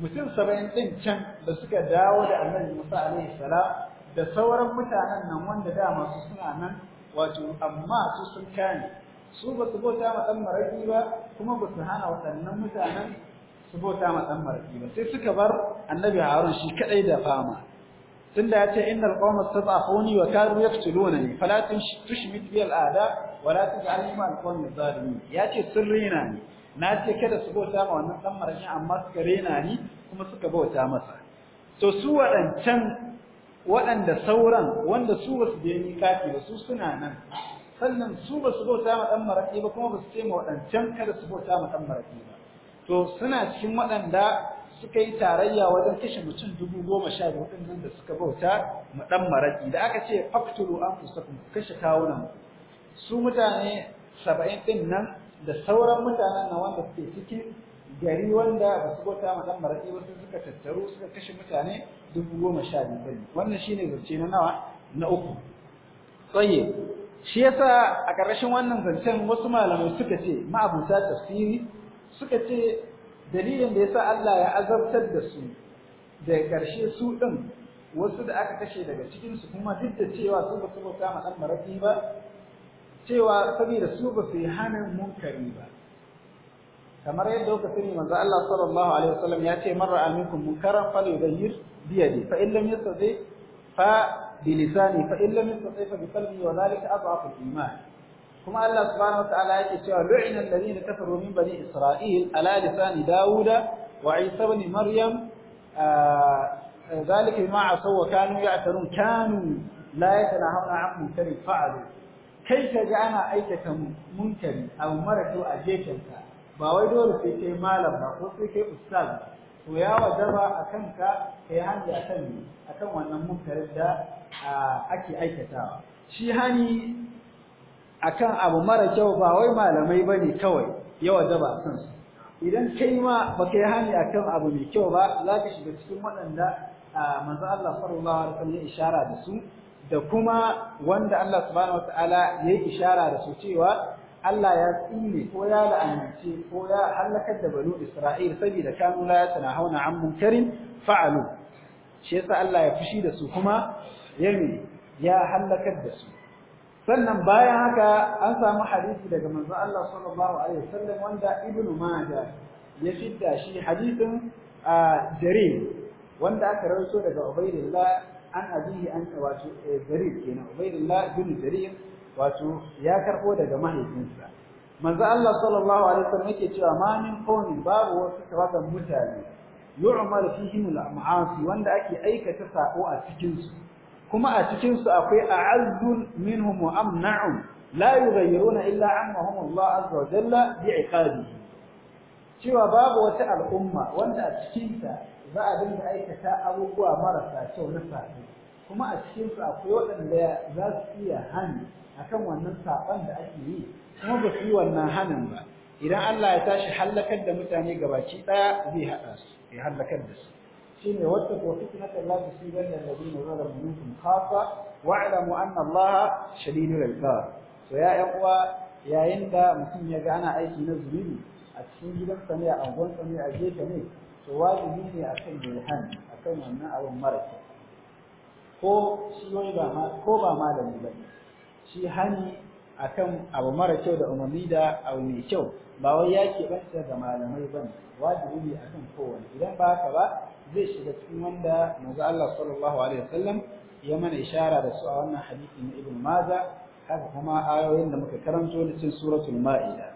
mutum saba'in ɗin can da suka dawo da annabi Musa alaihi salam da sauran mutanen nan wanda da masu suna nan wato amma su sun kane su ba su bauta ma dan maraki ba kuma ba su hana waɗannan mutanen su bota ma dan maraki ba sai suka bar annabi Harun shi kadai da fama tunda ya ce innal qawma istad'afuni wa kanu yaqtulunani fala tushmit bi al'ada wa la taj'alni ma al-qawmi adh-dhalimin ya ce sirrina ne na ce kada su bauta ma wannan dan maraƙi amma suka rena ni kuma suka bauta masa to su wadancan waɗanda sauran wanda su basu da ni kafi ba su suna nan sannan su basu bauta ma dan maraƙi ba kuma basu ce ma waɗancan kada su bauta ma dan maraƙi ba to suna cikin waɗanda suka yi tarayya wajen kashe mutum dubu goma sha biyu waɗannan da suka bauta ma dan maraƙi da aka ce faktulu an kun kashe kawunan su mutane saba'in ɗin nan da sauran mutanen na wanda suke cikin gari wanda ba su bauta ma dan ba wasu suka tattaru suka kashe mutane dubu goma sha biyu wannan shi ne zance na nawa na uku tsaye shi yasa a ƙarƙashin wannan zancen wasu malamai suka ce ma'abuta tafsiri suka ce dalilin da ya sa Allah ya azabtar da su da ƙarshe su ɗin, wasu da aka kashe daga cikinsu kuma duk da cewa su ba su bauta ma dan maraƙi ba cewa saboda su ba su yi hanin munkari ba kamar yadda kuka sani manzo Allah sallallahu alaihi wasallam ya ce marra aminkum munkaran falyughayyir bi yadi fa in lam yastati fa bi lisani fa in lam yastati fa bi qalbi wa dhalika adhafu al-iman kuma Allah subhanahu wa ta'ala yake cewa lu'ina alladhina kafaru min bani isra'il ala lisani dauda wa isa ibn maryam ذلك بما عصوا وكانوا يعترون كانوا لا يتناهون عن منكر فعلوا kai ka ga ana aikata munkari abu mara kyau a gefenka ba wai dole sai kai malam ba ko sai kai ustaz to ya wajaba a kanka kai hanji a kan akan wannan munkarin da ake aikatawa shi hani akan abu mara kyau ba wai malamai bane kawai ya wajaba a kansu idan kai ma baka yi hani akan abu mai kyau ba za ka shiga cikin waɗanda manzo Allah sallallahu alaihi wasallam ya isharar da su da kuma wanda Allah subhanahu wataala ya yi ishara da su cewa Allah ya tsine ko ya la'anci ko ya halakar da banu Isra'il saboda kanu la hauna an munkarin fa'alu shi yasa Allah ya fushi da su kuma yami ya halakar da su sannan bayan haka an samu hadisi daga manzo Allah sallallahu alaihi wasallam wanda Ibn Majah ya fitta shi hadisin a ah, Jarir wanda aka rawaito daga Ubaydillah an abihi an wato eh, jarir kenan ubaydullah bin jarir wato ya karbo daga mahaifinsa manzo Allah sallallahu alaihi wasallam yake cewa ma min qawmin babu wasu kawakan mutane yu'mal fihim al-ma'asi wanda ake aikata sako a cikin su kuma a cikin su akwai a'azzun minhum wa amna'un la yughayyiruna illa ammahum Allah azza wa jalla bi'iqabihi cewa babu wata al'umma wanda a cikin ta za a dinga aikata abubuwa marasa kyau na safe kuma a cikin su akwai waɗanda za su iya hani akan wannan saban da ake yi kuma ba su yi wannan hanin ba idan Allah ya tashi hallakar da mutane gabaki ɗaya zai hada su ya hallakar da su shine wata ko fitnatu la tusibanna alladhina zalamu minkum khafa wa'lamu anna Allah shadidul iqab so ya yan uwa yayin da mutum ya ga ana aiki na zulumi a cikin gidansa ne a unguwan ne a gefe ne to wajibi ne akan mai akan wannan abin mara kyau ko shi ba ma ko ba malami ba shi hani akan abu mara kyau da umarni da abu mai kyau ba wai ya keɓanta ga malamai ba wajibi ne akan kowane idan ba haka ba zai shiga cikin wanda manzo Allah sallallahu alaihi wasallam ya mana ishara da su a wannan hadisi na Ibn maza, haka kuma ayoyin da muka karanto da cin suratul Ma'ida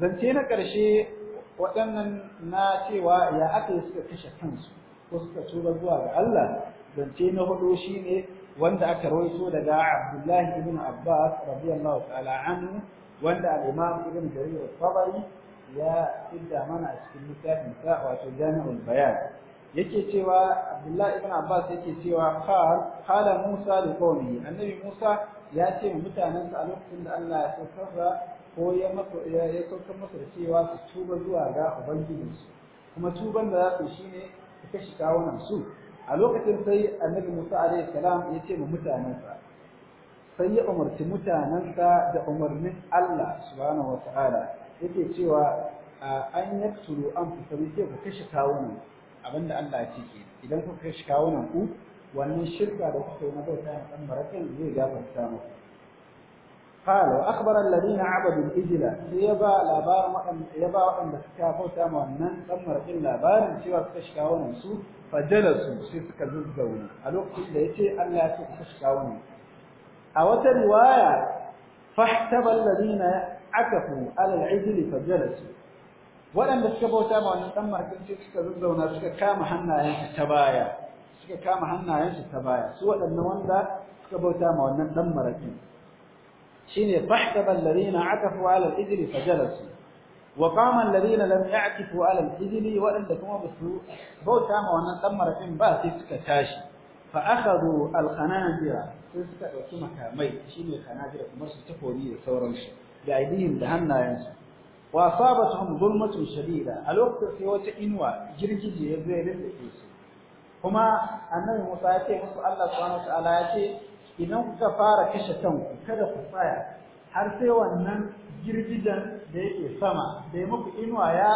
zance na ƙarshe waɗannan na cewa ya aka yi suka kashe kansu ko suka tura zuwa ga Allah zance na hudu shine wanda aka rawaito daga Abdullahi ibn Abbas radiyallahu ta'ala anhu wanda al-Imam Ibn Jarir al-Tabari ya idda mana a cikin littafin sa wato Jami'ul Bayan yake cewa Abdullahi ibn Abbas yake cewa qala Musa li qawmihi annabi Musa ya ce mutanensa a lokacin da Allah ya saukar ko ya masa ya saukar masa da cewa su tuba zuwa ga ubangijinsu kuma tuban da za su shine su kashe kawunan su a lokacin sai annabi Musa alaihi salam ya ce ma mutanensa sai ya umarci mutanensa da umarnin Allah subhanahu wataala yake cewa an yaktulu an fitaru sai ku kashe kawunan da Allah ya ce ke idan kuka kashe kawunan ku wannan shirka da kuka yi na bauta na ɗan marakin zai gafarta muku قال وأخبر الذين عبدوا الإجلة يبا لا بار ما ان يبا ان تكافوا تاما وأن تمر لا بار سوى تشكاون نسو فجلسوا سيسك زلزونا الوقت اللي يتي أن لا تشكاون أو رواية فاحتب الذين عكفوا على العجل فجلسوا وأن تكافوا تاما وأن تمر إلا سيسك زلزونا سيسك كام حنا ينتبايا suka kama hannayensu ta baya su waɗannan wanda suka bauta ma wannan ɗan shine fahtaba alladhina akafu ala al-ijli fajalasu wa qama alladhina lam ya'tifu ala al-ijli waɗanda kuma basu bauta ma wannan dan marafin ba sai suka tashi fa akhadhu al-khanazira sai suka dauki makamai shine khanazira kuma su tafori da sauransu da da hannayensu wa asabatuhum zulmatun shadida a lokacin sai wata inuwa girgije ya zai ya rinda su kuma annabi Musa ya ce musu Allah subhanahu wa ta'ala ya ce idan kuka fara kashe kanku kada ku tsaya har sai wannan girgidan da yake sama da muku inuwa ya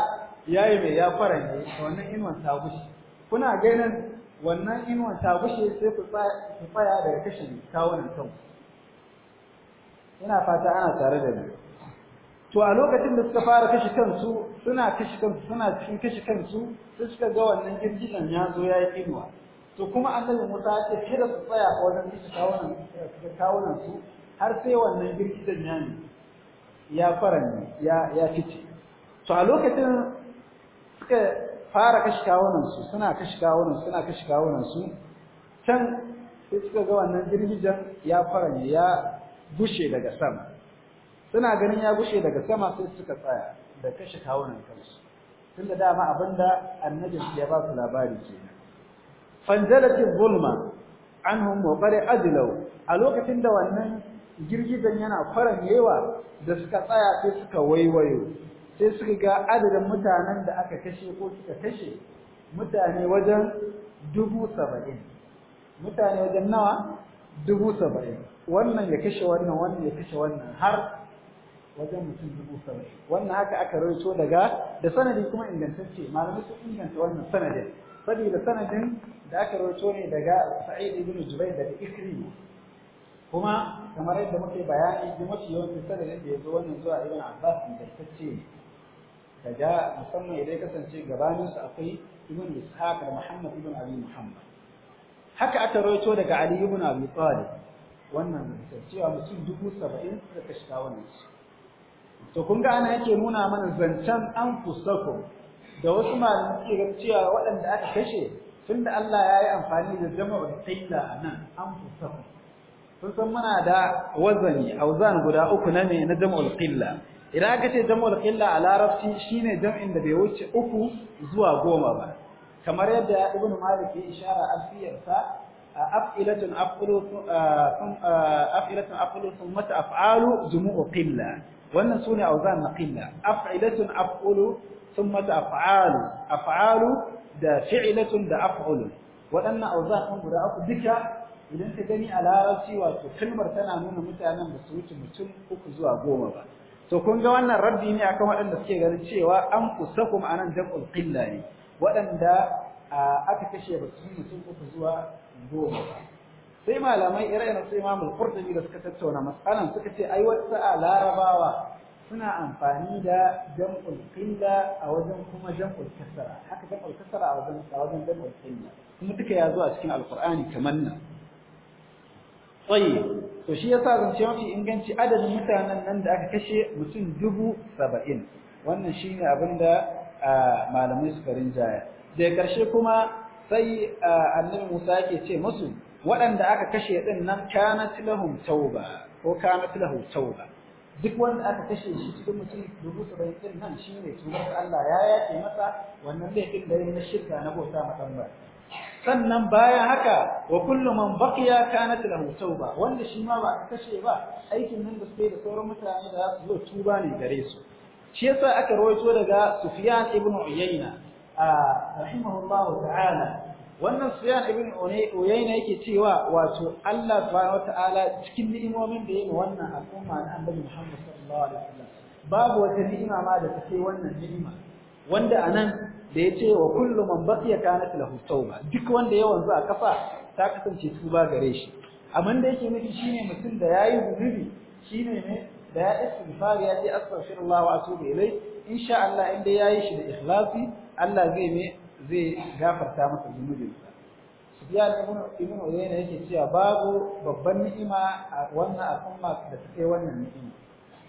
yayi mai ya faranye wannan inuwan ta gushe kuna ganin wannan inuwan ta gushe sai ku tsaya daga kashe kawunan kanku ina fata ana tare da ni to a lokacin da suka fara kashe kansu suna kashe kansu suna cikin kashe kansu sai suka ga wannan girgidan ya zo yayi inuwa to kuma annabi Musa ya ce kada su tsaya a wajen su kawunan su kawunan su har sai wannan girgidan ya ne ya faranye ya ya fice to a lokacin suka fara kashi kawunan su suna kashi kawunan suna kashi kawunan su can sai suka ga wannan girgijan ya ne, ya gushe daga sama suna ganin ya gushe daga sama sai suka tsaya da kashi kawunan kansu tunda dama abinda annabi ya ba su labari kenan فانزلت الظلمة عنهم وقال qad ajlaw a lokacin da wannan girgizan yana faran yawa da suka tsaya sai suka waiwayo sai suka ga adadin mutanen da aka kashe ko suka kashe mutane wajen dubu saba'in mutane wajen nawa dubu saba'in wannan wajen mutum dubu saba'in wannan haka aka rawaito daga da sanadi kuma ingantacce malamai sun inganta wannan sanadin saboda sanadin da aka rawaito ne daga Sa'id ibn Jubair daga Ikri kuma kamar yadda muke bayani da mafi yawanci sanadin da ya zo wannan zuwa Ibn Abbas da tace daga musamman idan kasance gabanin su akwai Ibn Ishaq da Muhammad ibn Abi Muhammad haka aka rawaito daga Ali ibn Abi Talib wannan cewa mutum dubu saba'in suka shiga wannan to kun ga ana yake nuna mana zancen an fusakum da wasu malamai suke ga cewa waɗanda aka kashe tunda Allah ya yi amfani da jama'ul illa nan an fusaku sun san muna da wazani auzan guda uku na ne na jama'ul qilla idan aka ce a larabci shine jam'in da bai wuce uku zuwa goma ba kamar yadda ibnu malik ya ishara alfiyarsa af'ilatun af'ilu af'ilatun af'ilu thumma af'alu jumu'u qilla wannan sune auzan na qilla af'ilatun af'ilu sun mata af'alu af'alu da fi'latun da af'ulun waɗannan auzan ɗin guda uku duka idan ka gani a larabci wato kalmar tana nuna mutanen da su wuce mutum uku zuwa goma ba to kun ga wannan rabbi ne akan waɗanda suke ganin cewa an kusakum anan jam'ul qilla ne waɗanda aka kashe ba su mutum uku zuwa goma ba sai malamai ire-iren su imamul qurtubi da suka tattauna matsalan suka ce ai wata larabawa suna amfani da jam'ul qilla a wajen kuma jam'ul kasara haka jam'ul kasara a wajen a wajen jam'ul qilla kuma duka ya zo a cikin alqur'ani kamar nan tayyib to shi yasa zance mafi inganci adadin mutanen nan da aka kashe mutum dubu saba'in wannan shine abin da malamai suka rinjaya da karshe kuma sai annabi Musa yake ce musu waɗanda aka kashe din nan kanat lahum tauba ko kanat lahu tauba duk wanda aka kashe shi cikin mutum dubu saba'in din nan shi ne Allah ya yace masa wannan laifin da na shirka na bauta ma sannan bayan haka wa kullu man baqiya kanat lahu tauba wanda shi ma ba aka kashe ba aikin nan da suke da sauran mutane da su zo tuba ne gare su shi yasa aka rawaito daga Sufyan ibn Uyayna rahimahullahu ta'ala wannan suyan ibn uyayna yake cewa wato Allah subhanahu wataala cikin ni'imomin da yake wannan al'umma na annabi Muhammad sallallahu alaihi wasallam babu wata ni'ima ma da take wannan ni'ima wanda anan da yace wa kullu man baqiya kanat lahu tauba duk wanda ya wanzu a kafa ta kasance tuba gare shi amma da yake nufi shine mutum da yayi zunubi shine ne da ya istighfar ya ce astaghfirullah wa atubu ilai insha Allah inda yayi shi da ikhlasi Allah zai ne zai gafarta masa zunubinsa Sufyan ibn Ibn Uyayna yake cewa babu babban ni'ima a wannan al'umma da take wannan ni'ima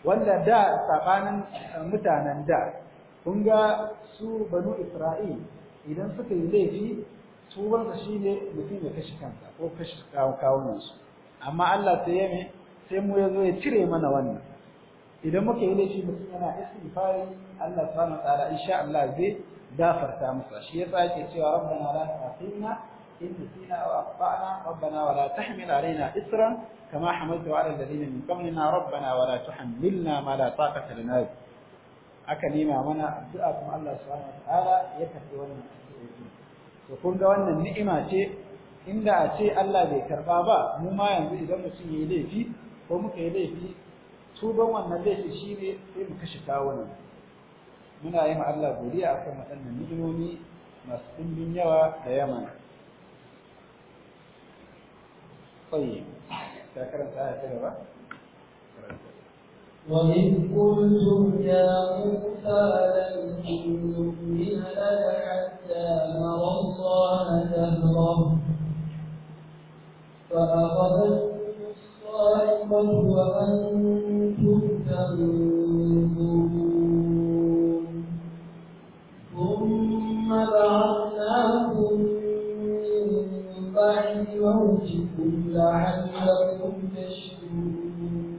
wanda da tsakanin eh, mutanen da kun ga su banu Isra'il idan suka yi laifi shi shine mutum ya kashi kansa ko kashi kawunan amma Allah sai ya sai mu yazo ya cire mana wannan idan muka yi laifi mutum yana istighfari Allah subhanahu wa ta'ala insha Allah zai gafarta musu shi yasa yake cewa rabbana la tu'akhidna in nasina aw akhtana rabbana wa la tahmil alaina isran kama hamaltahu ala alladhina min qablina rabbana wa la tuhammilna ma la taqata lana bihi aka nema mana addu'a kuma Allah subhanahu wa ta'ala ya tafi wannan addu'a to kun ga wannan ni'ima ce inda a ce Allah bai karba ba mu ma yanzu idan mutum yayi laifi ko muka yi laifi tuban wannan laifi shine sai mu kashe kawunan muna yin Allah godiya akan waɗannan ni'imomi masu ɗimbin yawa da yamma طيب ذكرت آية كذا وإن قلتم يا موسى لن تؤمن لك حتى نرى الله جهرا فأخذتكم الصاعقة وأنتم تنظرون allah من بعد موتكم لعلكم تشكرون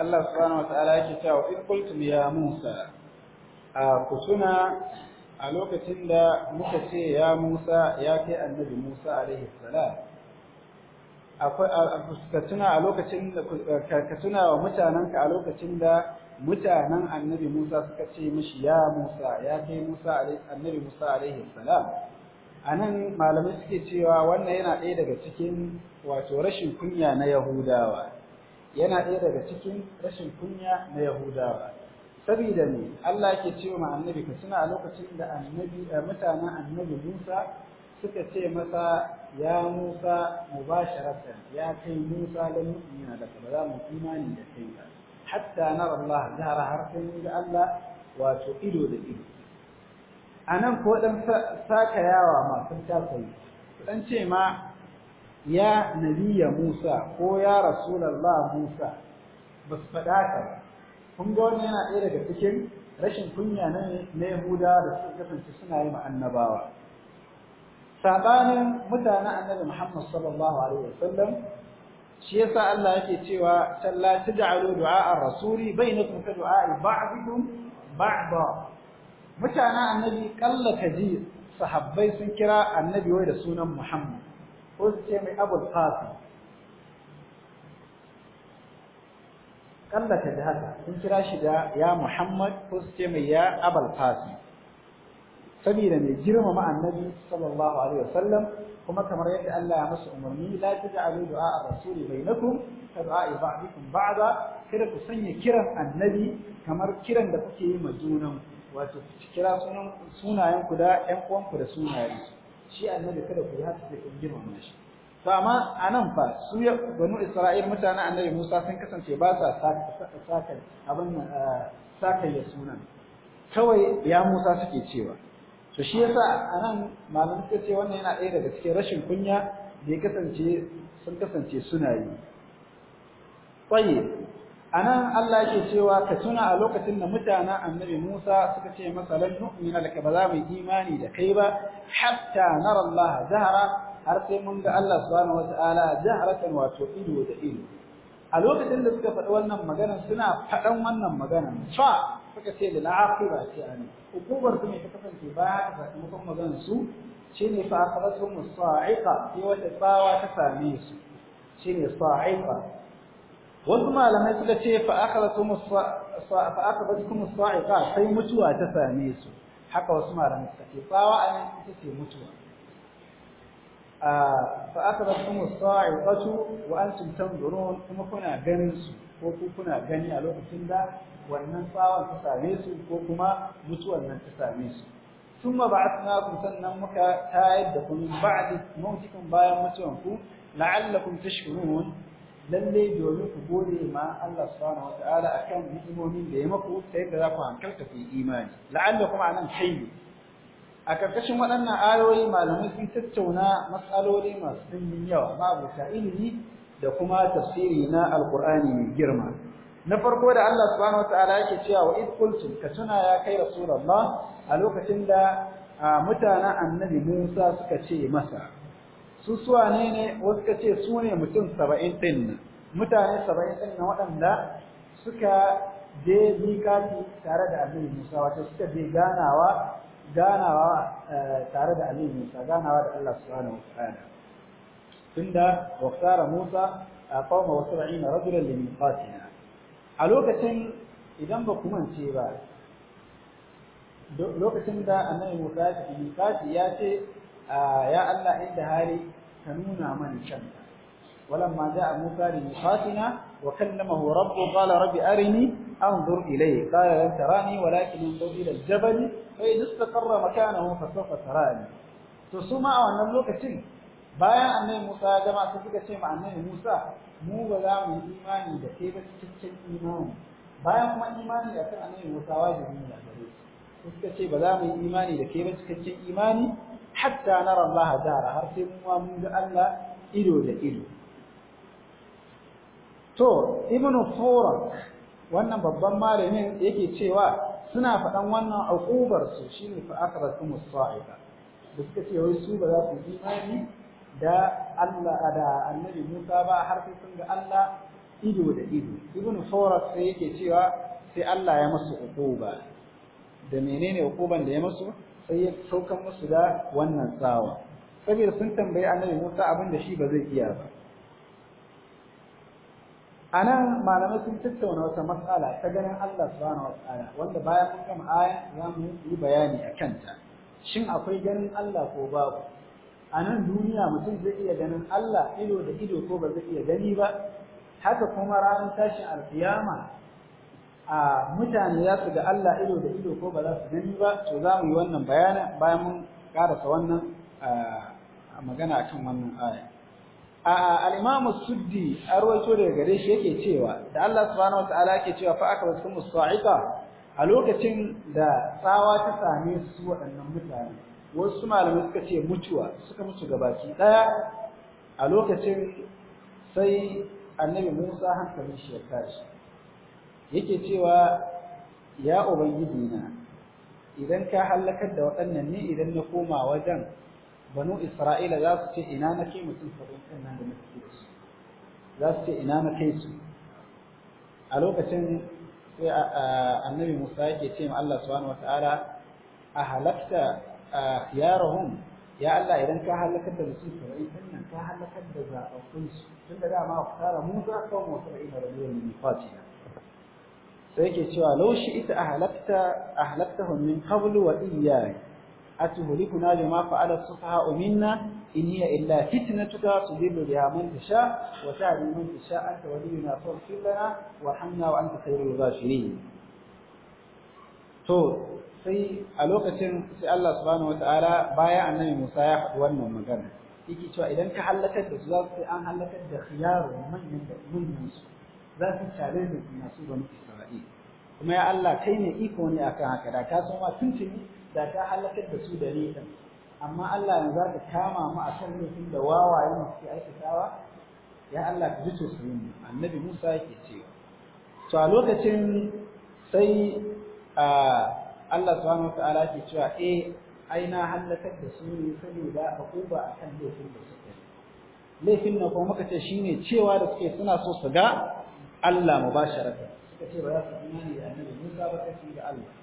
الله سبحانه وتعالى yake cewa in qultum ya Musa a kutuna a lokacin da muka ce ya Musa ya kai annabi Musa alaihi akwai ka tuna a lokacin da ka tuna wa mutananka a lokacin da mutanen annabi Musa suka ce mishi ya Musa ya kai Musa annabi Musa alaihi salam anan malamai suke cewa wannan yana ɗaya daga cikin wato rashin kunya na Yahudawa yana ɗaya daga cikin rashin kunya na Yahudawa saboda ne Allah ke cewa annabi ka tuna a lokacin da annabi mutanen annabi Musa suka ce masa ya Musa mubasharatan ya kai Musa da mu'mina da ba za mu imani da kai ba hatta na Allah zahara har sai ga Allah wato ido da ido anan ko dan saka yawa ma sun ta kai dan ce ma ya nabiya Musa ko ya rasulullah Musa bas fada ka kun ga wannan yana ɗaya daga cikin rashin kunya na Yahuda da suka kasance suna yi ma annabawa sabanin mutanen annabi Muhammad sallallahu alaihi wasallam shi yasa Allah yake cewa salla taj'alu du'a ar-rasuli bainakum ka du'a ba'dikum ba'da mutanen annabi kalla kaji sahabbai sun kira annabi wai da sunan Muhammad ko su ce mai Abul Qasim kalla kaji haka sun kira shi da ya Muhammad ko su ce mai ya Abul Qasim saboda mai girmama annabi sallallahu alaihi wasallam kuma kamar yadda Allah ya masa umarni la taj'alu du'a ar-rasuli bainakum ka du'a ba'dikum ba'da kada ku sanya kiran annabi kamar kiran da kuke yi ma junan wato ku kira sunan sunayen ku da ƴan uwan ku da sunayen shi annabi kada ku yi haka sai girmama shi to amma anan fa su ya banu Isra'il mutanen annabi Musa sun kasance ba sa saka abin ah, saka ya sunan kawai ya Musa suke cewa to shi yasa anan malamin suka ce wannan yana ɗaya daga cikin rashin kunya da ya kasance sun kasance suna yi tsaye anan Allah yake cewa ka tuna a lokacin da mutanen annabi Musa suka ce masa lan nu'mina laka ba za mu imani da kai ba hatta nara Allah zahara har sai mun ga Allah subhanahu wataala zaharatan wato ido da ido a lokacin da suka faɗi wannan magana suna faɗan wannan magana fa suka ce da la'aqiba ce an hukumar ne ta kasance ba ta sakamakon maganar su shine fa aqratuhum as-sa'iqa fi wata tsawa ta same su shine sa'iqa wasu malamai suka ce fa aqratuhum fa aqratuhum sai mutuwa ta same su haka wasu malamai suka ce tsawa an ita ce mutuwa fa akhadhtum as-sa'iqatu wa antum tanzurun kuma kuna ganin su ko ku kuna gani a lokacin da wannan tsawon ta same su ko kuma mutuwar nan ta same su ثم بعثناكم sannan muka tayar da kun ba'd mautikum bayan mutuwan ku la'allakum tashkurun lalle domin ku gode ma Allah subhanahu wataala akan ni'imomin da ya maku sai da za ku hankalta ku imani la'allakum anan khayr a ƙarƙashin waɗannan ayoyi malamai sun tattauna matsaloli masu sanyin yawa ma'abuta ilimi da kuma tafsiri na Alƙur'ani mai girma na farko da Allah subhanahu wataala yake cewa wa id qultum ka tuna ya kai rasulullah a lokacin da mutanen annabi Musa suka ce masa su suwa ne ne wasu ka ce su ne mutum saba'in ɗin nan mutane saba'in ɗin nan waɗanda suka je mikati tare da annabi Musa wato suka je ganawa ganawa eh, tare da Annabi Musa ganawa da Allah subhanahu wa ta'ala tunda waqara Musa aqama wa 70 rajulan li miqatina a lokacin idan ba ku ce ba lokacin da Annabi Musa ya tafi miqati ya ce ya Allah inda hali ka nuna mana kanka ولما wa موسى لميقاتنا وكلمه ربه قال رب أرني أنظر إليه قال لن تراني ولكن انظر إلى الجبل sai duk takarra makanahu fa sawfa tarani to su ma a wannan lokacin bayan annabi Musa ya gama su suka ce ma annabi Musa mu ba za mu yi imani da kai ba cikakken imani bayan kuma imani da kan annabi Musa wajibi ne gare su suka ce ba za mu yi imani da kai ba cikakken imani hatta nara Allah dara har sai mu mun ga Allah ido da ido to ibnu furak wannan babban malamin yake cewa suna faɗan wannan uqubar su shine fa akara su saiqa da suka ce wai su ba za su yi imani da Allah da annabi Musa ba har sai sun ga Allah ido da ido ibn Fawras sai yake cewa sai Allah ya musu uquba da menene uquban da ya musu sai ya saukan musu da wannan tsawa saboda sun tambayi annabi Musa abinda shi ba zai iya ba anan malamai sun tattauna wata matsala ta ganin Allah subhanahu wataala wanda bayan mun kama, aya za mu yi bayani a kanta shin akwai ganin Allah ko babu a nan duniya mutum zai iya ganin Allah ido da ido ko ba zai iya gani ba haka kuma ranar tashin alkiyama a mutane za su ga Allah ido da ido ko ba za su gani ba to za mu yi wannan bayanin bayan mun karasa wannan magana akan wannan aya al-Imam suddi a rawaito daga gare shi yake cewa da Allah subhanahu wataala yake cewa fa aka wasu musa'ika a lokacin da tsawa ta same su waɗannan mutane wasu malamai suka ce mutuwa suka mutu gabaki daya a lokacin sai annabi Musa hankalin shi ya tashi yake cewa ya ubangiji na idan ka halakar da waɗannan ne idan na koma wajen banu isra'ila za su ce ina na kai mutum saba'in ɗin nan da na da su za su ce ina na kai su a lokacin sai annabi musa yake ce ma allah subhanahu wataala a halakta khiyarahum ya allah idan ka halakar da mutum saba'in ɗin nan ka halakar da zaɓaɓɓun su tun da dama ku tara musa kan wasu ra'ina da zuwa mai fatina sai yake cewa laushi ita a halatta, a halatta min qablu wa iyyaka أتهلكنا لما فعل السفهاء منا إن هي إلا فتنتك تضل بها من تشاء وتهدي من تشاء أنت ولينا فاغفر لنا وارحمنا وأنت خير الغافرين. تو sai a lokacin sai Allah subhanahu wataala baya annabi Musa ya faɗi wannan magana yake cewa idan ka halakar da su za su an halakar da khiyaru manyan da manyan za su da kuma ya Allah kai ne iko ne akan haka da ka so ma tuntuni da ta halakar da su da nisan, amma Allah yanzu ka kama mu a kan laifin da wawaye mu suke aikatawa ya Allah ka ji su ne annabi Musa yake cewa to a lokacin sai Allah subhanahu wataala yake cewa eh ai na halakar da su ne saboda a akan laifin da suke laifin na kuma muka shine cewa da suke suna so su ga Allah mubasharatan suka ce ba za su imani da annabi Musa ba kace da Allah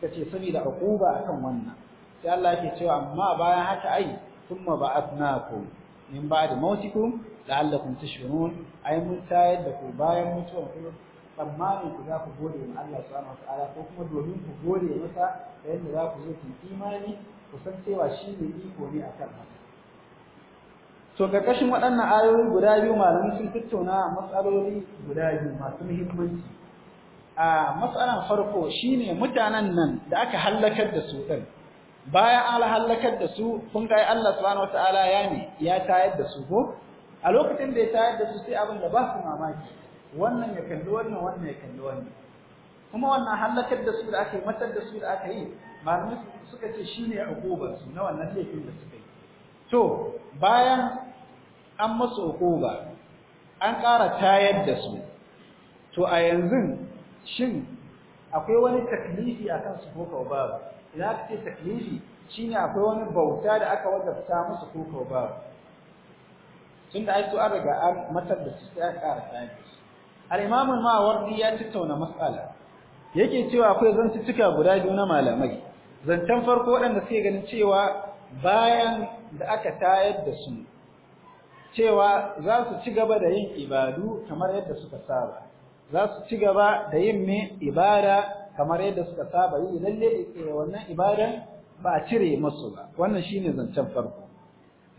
suka ce saboda uquba akan wannan sai Allah yake cewa amma bayan haka ai thumma ba'athnakum min ba'di mautikum la'allakum tashkurun ai mun tayar da ku bayan mutuwar ku tsammanin ku za ku gode wa Allah subhanahu wa ta'ala ko kuma domin ku gode masa da yadda za ku zo ku imani ku san cewa shi ne iko ne akan haka to karkashin waɗannan ayoyi guda biyu malamai sun tattauna matsaloli guda biyu masu muhimmanci a matsalan farko shine mutanen nan da aka halakar da su din bayan an halakar da su kun kai Allah subhanahu wataala ya ne ya tayar da su ko a lokacin da ya tayar da su sai abin da ba su mamaki wannan ya kalli wannan wannan ya kalli wannan kuma wannan halakar da su da aka yi matar da su da aka yi malamai suka ce shi ne hukubar su na wannan laifin da suka yi to bayan an masu hukuba an ƙara tayar da su to a yanzu shin akwai wani taklifi akan su ko ko babu idan aka ce taklifi shine akwai wani bauta da aka wajabta musu ko ko babu tunda ai su an riga an matar da su sai aka tsaya al-imam al ya tattauna mas'ala yake cewa akwai zantuttuka guda biyu na malamai zancen farko waɗanda suke ganin cewa bayan da aka tayar da su cewa za su ci gaba da yin ibadu kamar yadda suka saba za su ci gaba da yin mai ibada kamar yadda suka saba yi lalle eh, wannan ibadan ba a cire masu ba wannan shi ne zancen farko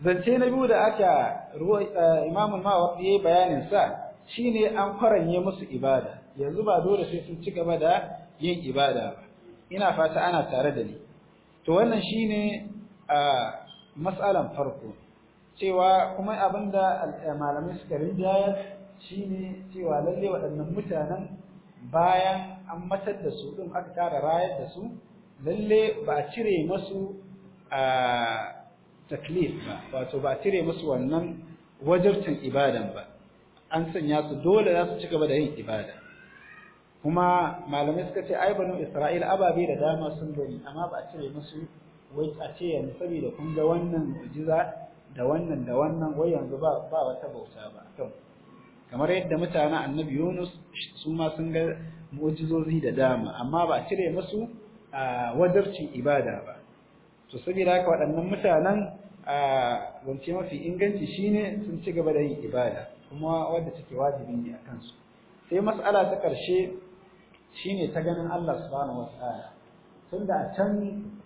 zance na biyu da aka ruwa eh, ma Nawawi yi bayanin sa ne an kwaranye musu ibada yanzu ba dole sai sun ci gaba da yin ibada ba ina fata ana tare da ni to wannan shine a ah, matsalan farko cewa kuma abinda eh, malamai suka rinjaya shine cewa lalle waɗannan mutanen bayan an matar da su ɗin aka tara rayar da su lalle ba a cire masu a taklif ba wato ba a cire masu wannan wajibcin ibadan ba an sanya su dole za su ci gaba da yin ibada kuma malamai suka ce ai banu Isra'il ababe da dama sun gani amma ba a cire masu, wai a ce yanzu saboda kun ga wannan mu'jiza da wannan da wannan wai yanzu ba wata bauta ba akan kamar yadda mutanen annabi Yunus su ma sun ga mu'jizozi da dama amma ba cire musu wajarcin ibada ba to saboda haka waɗannan mutanen zance mafi inganci shine sun ci gaba da yin ibada kuma wanda take wajibi ne a kansu sai mas'ala ta karshe shine ta ganin Allah subhanahu wata'ala tunda a can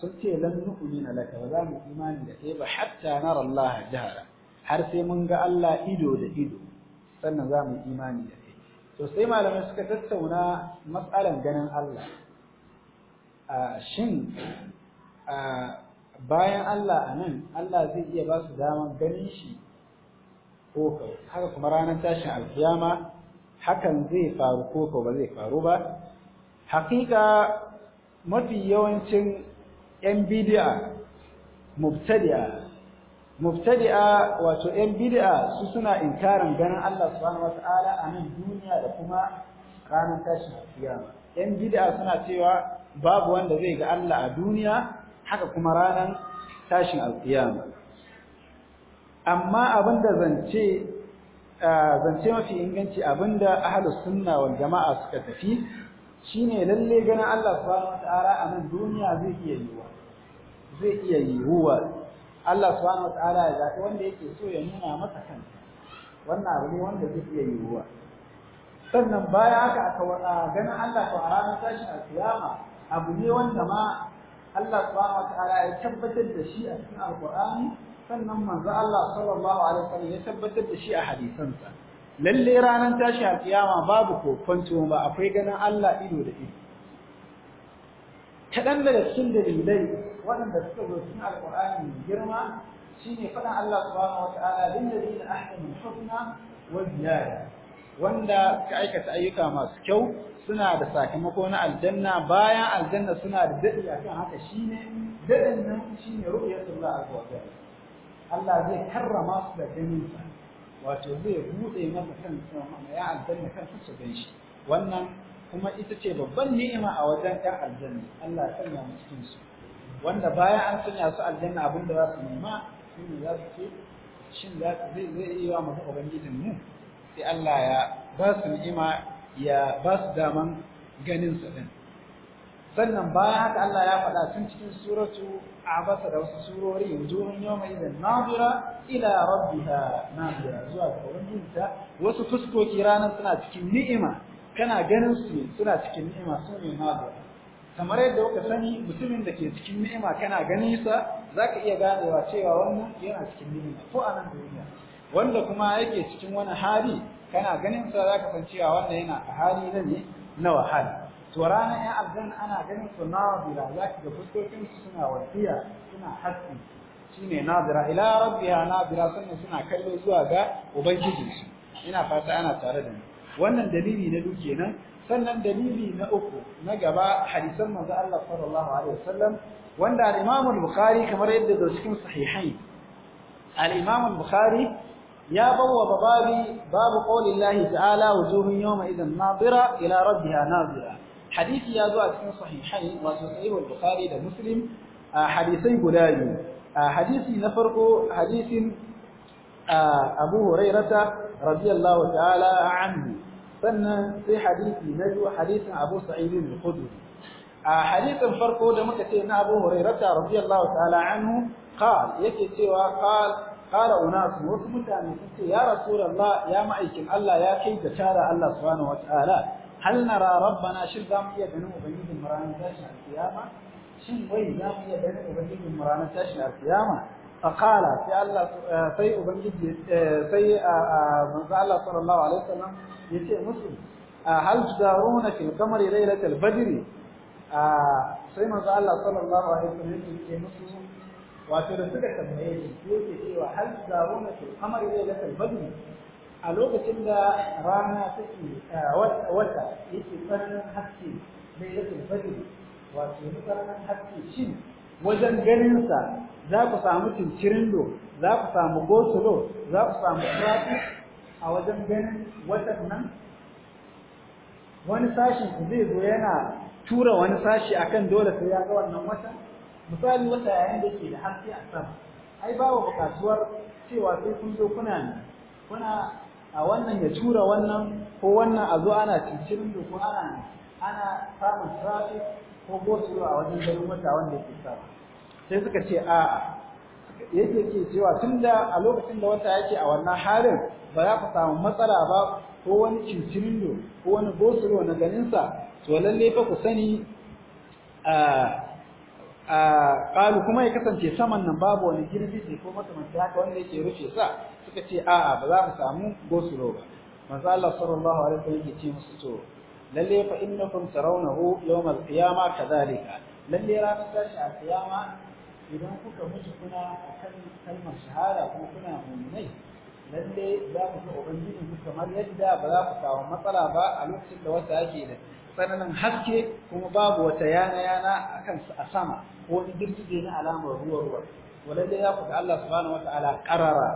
sun ce lan nu'mina laka ba za mu imani da kai ba hatta nara Allah jahara har sai mun ga Allah ido da ido sannan za mu imani da kai to sai malamai suka tattauna matsalan ganin Allah shin bayan Allah a nan Allah zai iya ba su daman ganin shi ko haka kuma ranar tashin alkiyama hakan zai faru ko kau ba zai faru ba haƙiƙa mafi yawancin 'yan bidiya mubtadi'a mubtadi'a wato yan bid'a su suna inkarin ganin Allah subhanahu wata'ala a nan duniya da kuma ranar tashin kiyama yan bid'a suna cewa babu wanda zai ga Allah a duniya haka kuma ranar tashin alkiyama amma abinda zance zance mafi inganci abinda ahlus sunna wal jama'a suka tafi shine lalle ganin Allah subhanahu wataala a nan duniya zai iya yiwuwa zai iya yiwuwa Allah subhanahu wataala ya zaɓi wanda yake so ya nuna masa kansa wannan abu ne wanda zai iya yiwuwa sannan baya haka aka wada ganin Allah ko a ranar a alkiyama abu ne wanda ma Allah subhanahu wataala ya tabbatar da shi a cikin alqur'ani sannan manzo Allah sallallahu alaihi wasallam ya tabbatar da shi a hadisansa lalle ranar tashi a kiyama babu kokonto ba akwai ganin Allah ido da ido kaɗan daga cikin dalilai waɗanda suka zo cikin alƙur'ani mai girma shine faɗin Allah subhanahu wata'ala lil ladina ahsanu husna wa ziyada wanda suka aikata ayyuka masu kyau suna da sakamako na aljanna bayan aljanna suna da daɗi akan haka shine daɗin nan shine ru'yatullah azza wa jalla Allah zai karrama su da ganin sa wato zai bude masa kan ya aljanna kan su ganshi wannan kuma ita ce babban ni'ima a wajen ɗan aljanna Allah ya sanya mu cikin su wanda bayan an sanya su aljanna abin da za su nema su ne za su ce shin za zai zai iya wa masu ubangijin mu sai Allah ya ba su ni'ima ya ba su daman ganin su din sannan bayan haka Allah ya faɗa tun cikin suratu abasa da wasu surori wujuhun yawma idan nadira ila rabbiha nadira zuwa ga ubangijinta wasu fuskoki ranar suna cikin ni'ima kana ganin su suna cikin ni'ima su ne nadira kamar yadda kuka sani mutumin da ke cikin ni'ima kana ganin sa zaka iya ganewa cewa wannan yana cikin ni'ima ko a nan duniya wanda kuma yake cikin wani hali kana ganin sa zaka san cewa wannan yana a hali na ne na wahala to ranar ya aljanna ana ganin su nazira zaki ga fuskokin su suna wasiya suna haske shine nazira ila rabbiha nazira sannan suna kallo zuwa ga ubangiji ina fata ana tare da ni wannan dalili na duk kenan? sannan dalili na uku na gaba hadisan manzo Allah sallallahu alaihi wasallam wanda al-Imam al-Bukhari kamar yadda da cikin sahihai al-Imam al-Bukhari ya bawa babi babu qawli Allah ta'ala wujuhun yawma idhan nadira ila rabbiha nadira hadisi ya zo a cikin sahihai wato sahih al-Bukhari da Muslim hadisai guda biyu hadisi na farko hadisin Abu Hurairah radiyallahu ta'ala anhu sannan sai hadisi na biyu hadisin Abu Sa'id al-Khudri a hadisin farko da muka ce na Abu Hurairah radiyallahu ta'ala anhu qal yake cewa qal qala unas wasu mutane suce ya rasulullah ya ma'aikin Allah ya kai ga tara Allah subhanahu wata'ala hal nara rabbana shin za mu iya ganin ubangijin ranar tashin alkiyama shin wai za mu iya ganin ubangijin ranar tashin alkiyama Faƙala sai الله في أبنجي في منزل الله صلى الله عليه وسلم يتي مسلم هل تدارون في القمر ليلة sai manzo Allah sallallahu alaihi wasallam yake musu wato da suka tambaye shi yake cewa hal zaruna fil qamari lailatul badr a lokacin da rana take wata yake tsarin haske lailatul badr wato mutaran haske shin wajen ganin sa za ku samu tincirindo za ku samu gosulo za ku samu kuraku a wajen ganin watan nan wani sashi zai zo yana tura wani sashi kan dole sai ya ga wannan watan misali wata yayin da ke da haske a sam ai babu bukatuwar cewa sai kun zo kuna kuna a wannan ya tura wannan ko wannan a zo ana tincirindo ko ana ana samun traffic ko gosulo a wajen ganin wata wanda ke sa. sai suka ce a'a yake ke cewa tunda a lokacin da wata yake a wannan halin ba za ku samu matsala ba ko wani cincirindo ko wani gosulo na ganinsa to lalle fa ku sani a a kalu kuma ya kasance saman nan babu wani girbi ne ko makamanci haka wanda yake rufe sa suka ce a'a ba za mu samu gosulo ba manzo Allah sallallahu alaihi wasallam yake ce musu to lalle fa innakum tarawnahu yawm al-qiyamah kadhalika lalle ranar tashi a qiyamah idan kuka mutu kuna akan kalmar shahara kuma kuna mu'minai lalle za ku ga ubangiji ku kamar yadda ba za ku samu matsala ba a lokacin da wata yake da tsananin haske kuma babu wata yana yana a sama ko girgije na alamar ruwa ruwa to lalle za ku ga Allah subhanahu wataala qarara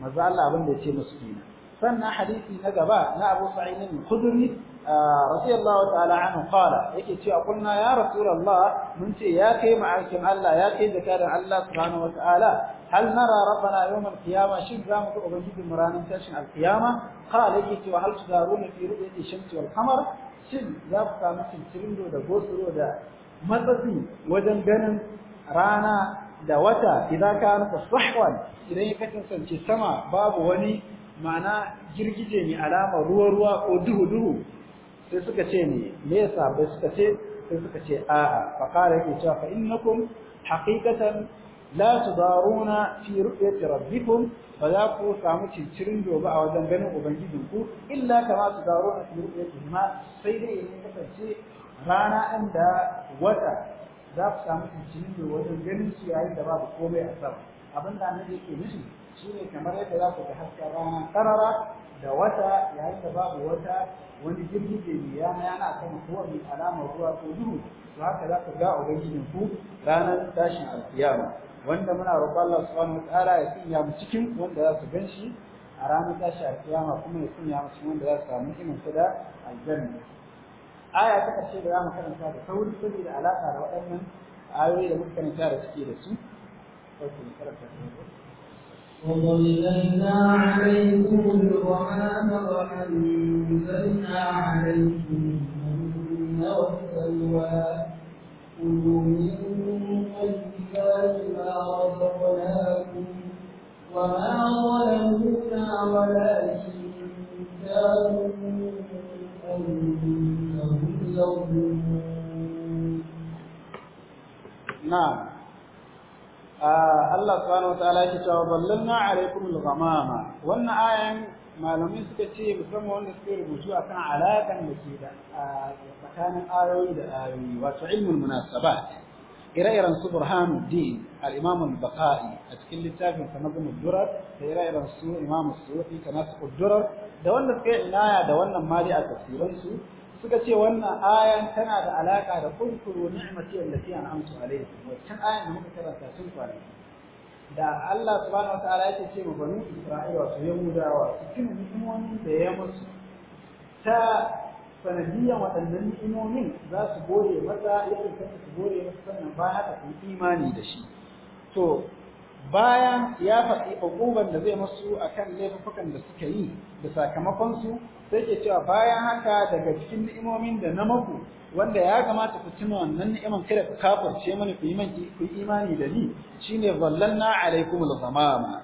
maza Allah abin da ya ce musu kenan sannan hadisi na gaba na Abu Sa'id al-Khudri radiyallahu ta'ala anhu qala yake cewa kunna ya rasulullah mun ce ya kai ma'aikin Allah ya kai zakarin Allah subhanahu wataala hal nara rabbana yawm al-qiyama shin za mu ga ubangiji mu ranar tashin al-qiyama qala yake cewa hal tudaruna fi ru'yati shamsi wal qamar shin za ku samu cincirindo da gosuro da matsatsi wajen ganin rana da wata idan ka nufa sahwan idan ya kasance sama babu wani ma'ana girgije ne alamar ruwa-ruwa ko duhu-duhu sai suka ce ne me yasa bai suka ce sai suka ce a'a fa kare yake cewa fa innakum haqiqatan la tudaruna fi ru'yati rabbikum ba za ku samu cincirin gobe a wajen ganin ku? illa kama tudaruna fi ru'yati ma sai dai in ce rana inda wata za ku samu cincirin gobe wajen ganin su yayin da babu komai a sama abin da annabi yake nufi shine kamar yadda za ku ga haska rana karara da wata yayin da babu wata wani girgije mai yana yana kan kowane alamar ruwa ko duhu to haka za ka ga ubangijin ku ranar tashin alkiyama wanda muna roƙon Allah subhanahu wataala ya sanya mu cikin wanda za su gan shi a ranar tashin alkiyama kuma ya sanya mu cikin wanda za su samu irin su da aljanna aya ta ƙarshe da za mu karanta da sauri saboda alaƙa da waɗannan ayoyi da muka karanta da suke da su. karanta da وظللنا عليكم الغمام وأنزلنا عليكم المن والسلوى كلوا من طيبات ما رزقناكم وما ظلمونا ولكن كانوا أنفسهم يظلمون نعم Allah subhanahu wataala yake cewa ballanna alaikum al-ghamama wannan ayan malamai suka ce musamman wanda suke rubutu akan alaƙan da ke da tsakanin ayoyi da ayoyi wato ilmul munasabat ire-iren su burhanuddin al-imam al-baqai a cikin littafin sa na durar da ire-iren su imam as-sufi kana su da wanda suka yi inaya da wannan mali a tafsiransu suka ce wannan ayan tana da alaka da kulkuru ni'mati allati an'amtu alayhi wannan ayan da muka karanta sun kwana da Allah subhanahu wataala yake ce ma banu Isra'ila su Yahudawa cikin ni'imomin da ya musu ta sanadiyya waɗannan ni'imomin za su gode masa yadda su gode masa sannan ba haka su imani da shi to bayan ya faɗi hukuman da zai masu kan laifukan da suka yi da sakamakonsu, sai ke cewa bayan haka daga cikin ni'imomin da na maku wanda ya kamata ku tuna wannan ni'iman kada ku kafirce mana ku yi mani ku yi imani da ni shine zallalna alaikumul ghamama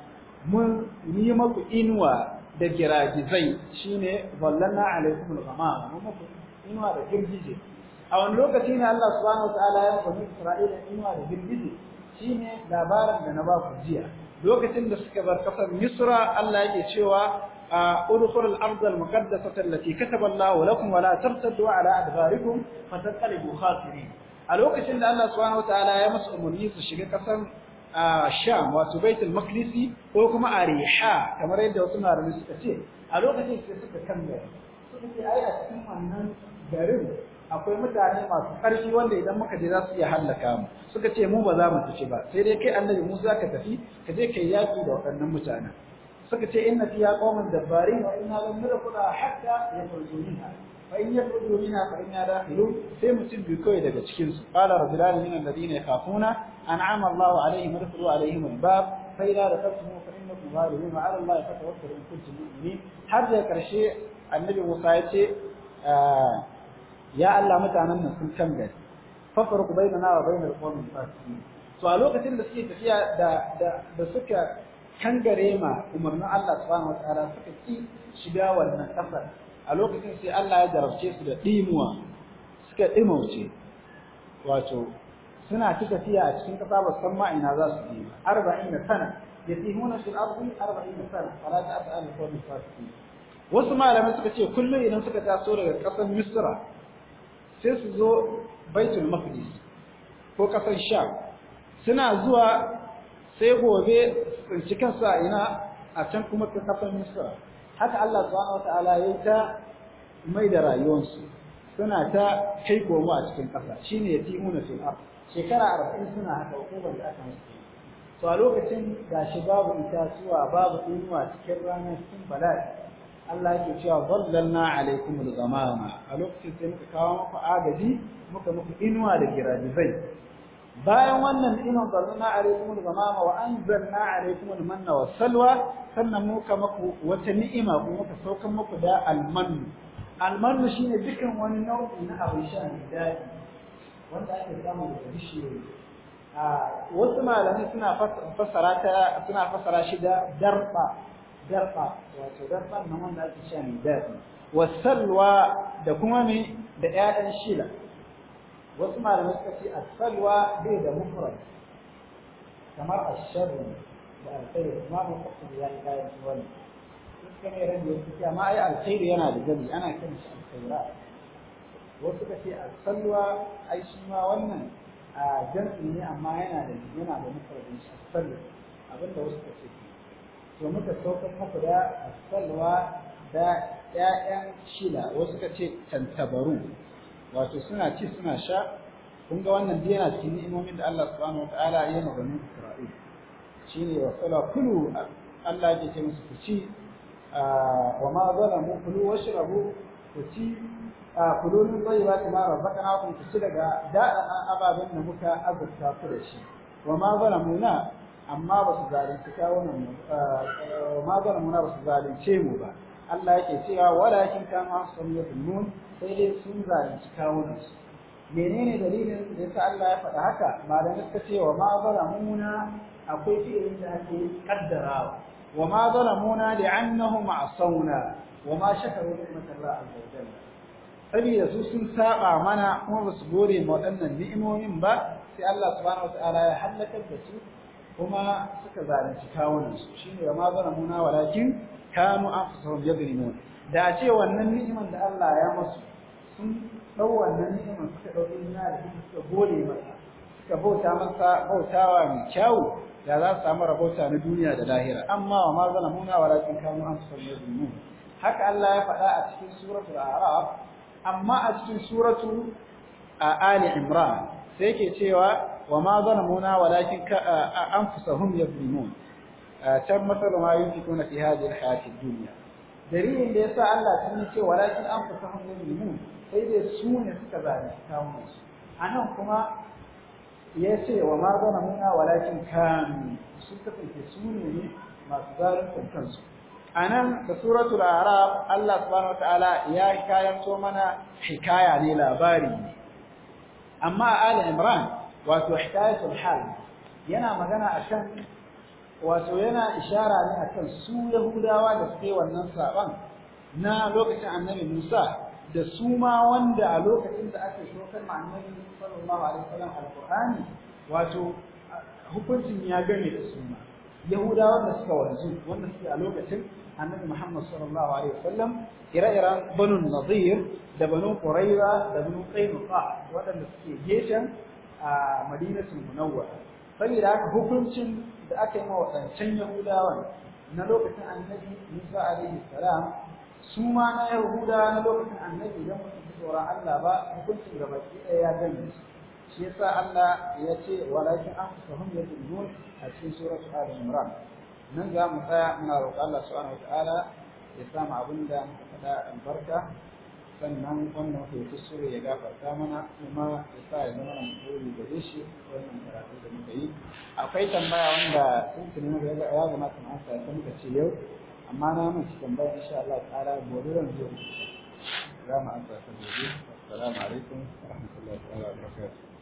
mun yi maku inuwa da giragizai shine kuma alaikumul ghamama mun maku inuwa da girgije a wani lokaci ne Allah subhanahu wa ta'ala ya faɗi Isra'ila inuwa da girgije shine labarin da na ba ku jiya lokacin da suka bar kasar Misra Allah yake cewa a udkhulul ardal muqaddasata allati kataba Allahu lakum wa la tartaddu ala adbarikum fatanqalibu khasirin a lokacin da Allah subhanahu wataala ya musu umarni su shiga kasar Sham wato Baitul Maqdisi ko kuma Ariha kamar yadda wasu malamai suka ce a lokacin sai suka kangare suka ce ai a cikin wannan garin akwai mutane masu ƙarfi wanda idan muka je za su iya hallaka mu suka ce mu ba za mu tafi ba sai dai kai annabi Musa ka tafi ka je kai yaƙi da waɗannan mutanen suka ce inna fiya qauman dabbarin wa inna lam nurqula hatta yakhruju fa in yakhruju fa inna dakhilun sai mutum bi kai daga cikin su qala rajulan min alladhina yakhafuna an'ama Allahu alaihim rasulahu alaihim al fa idza dakhaltum fa innakum ghalibun ala Allah fatawakkalu in kuntum mu'minin har da karshe annabi Musa ya ce ah, ya Allah mutanen nan sun can gari fafarku bainana wa bainal qawmil fasiqin to a lokacin da suke tafiya da da da suka kangare ma umarnin Allah subhanahu wataala suka ki shiga wannan kasar a lokacin sai Allah ya jarabce su da dimuwa suka dimauce wato suna ta tafiya a cikin kasa ba san ma ina za su je ba 40 sana yatihuna fil ardi 40 sana fala ta'al al-qawmil fasiqin wasu malamai suka ce kullum idan suka taso daga kasar Misra sai su zo baitul maqdis ko kasar sham suna zuwa sai gobe cikin kansa a ina a can kuma kasar misra haka Allah subhanahu wataala ya yi ta mai da rayuwarsu suna ta kai komo a cikin kasa shine yatimuna fil ard shekara arba'in suna haka hukumar da aka musu to a lokacin gashi babu itatuwa babu inuwa cikin ranar sun bala'i Allah yake cewa zallalna alaikum al-ghamama a lokacin sai muka kawo muku agaji muka muku inuwa da girajizai bayan wannan ni'imar zallalna alaikum al-ghamama wa anzalna alaikum al-manna wa salwa sannan muka muku wata ni'ima kuma muka saukar muku da al-mann al-mann shine dukkan wani nau'i na abin sha mai daɗi wanda ake samu da bishiyoyi a wasu malamai suna fassara ta suna fassara shi da darba darfa wato darfa nan wanda ake cewa mai daɗi wasalwa da kuma mai da ƴaƴan shila wasu malamai suka ce asalwa bai da mufrad kamar asharru da alkhairu ma ba ku ya yi kayan wani suka ne ran da suke amma ai alkhairu yana da gani ana kan shi alkhaira wasu ka ce asalwa ai shi ma wannan a jam'i ne amma yana da yana da mufradin shi asalwa abinda wasu ka ce to muka sauka maka da asalwa da ƴaƴan shila wasu ka ce tantabaru wato suna ci suna sha kun ga wannan dai yana cikin ni'imomin da Allah subhanahu wataala ya yi maganin Isra'il shine wa sala kulu Allah ya ce musu ku ci wa ma zalamu kulu washrabu ku ci kulu min tayyibati ma rabbatana ku ci daga da'a ababen da muka azurta ku da shi wa ma zalamuna amma ba su zalunci kawunan mu eh, eh, maganin muna ba su zalunce mu ba Allah yake cewa walakin kama sun yi sai dai sun zalunci kawunan su menene dalilin da yasa Allah ya faɗa haka malamai suka ce wa ma akwai fi'ilin da ake kaddarawa wa ma li'annahum asawna wa ma shakaru ni'matallahi azza wa jalla Sabida su sun saba mana kuma ba su gore ma waɗannan ni'imomin ba sai Allah subhanahu wa ta'ala ya halakar da su kuma suka zalunci kawunansu shi ne ma zalamuna walakin kanu an ne wani da ce wannan ni'iman da Allah ya masu sun dau wannan ni'iman suka dau ina da suka gode masa suka bauta masa bautawa mai kyau da za su samu rabauta na duniya da lahira amma wa ma zalamuna walakin kanu an anfusahum ne haka Allah ya faɗa a cikin suratul a'raf amma a cikin suratu ali imran sai ke cewa wa ma zalamuna walakin anfusahum yazlimun can masala ma yunfikuna fi hadhihi alhayati ad-dunya dalilin da yasa Allah sun ce walakin anfusahum yazlimun sai dai su ne suka zalunci kawunansu anan kuma ya ce wa ma zalamuna walakin kanu sun kasance su ne masu zalunci kansu a nan da suratul arab Allah subhanahu ya kayanto mana hikaya ne labari amma a ali imran wato ihtayatul hal yana magana akan wato yana ishara ne akan su yahudawa da suke wannan saban na lokacin annabi Musa da su ma wanda a lokacin da aka shokar annabi sallallahu alaihi wasallam alqur'ani wato hukuncin ya gane da su ma yahudawa da suka wanzu wanda suke a lokacin annabi Muhammad sallallahu alaihi wasallam ire-iren banu nadir da banu qurayza da banu qainuqa waɗanda suke geshen a madinatul munawwara saboda haka hukuncin da aka yi ma waɗancan yahudawan na lokacin annabi Musa alaihi salam su ma na yahuda na lokacin annabi idan mutum ji tsoron Allah ba hukuncin da baki ɗaya ya gani shi yasa Allah ya ce walakin ya yadunun a cikin suratul adam Imran nan za mu tsaya muna roƙon Allah subhanahu wa ta'ala ya samu abin muka faɗa albarka sannan wannan hoto sura ya gafarta mana kuma ya sa ya zama mutum da shi wannan karatu da muka yi akwai tambaya wanda tuntuni muka yaga ya zama kan ansa ya muka ce yau amma na mun ci tambaya insha Allah tsara gobe ran zuwa za mu ta gobe assalamu alaikum wa rahmatullahi wa barakatuh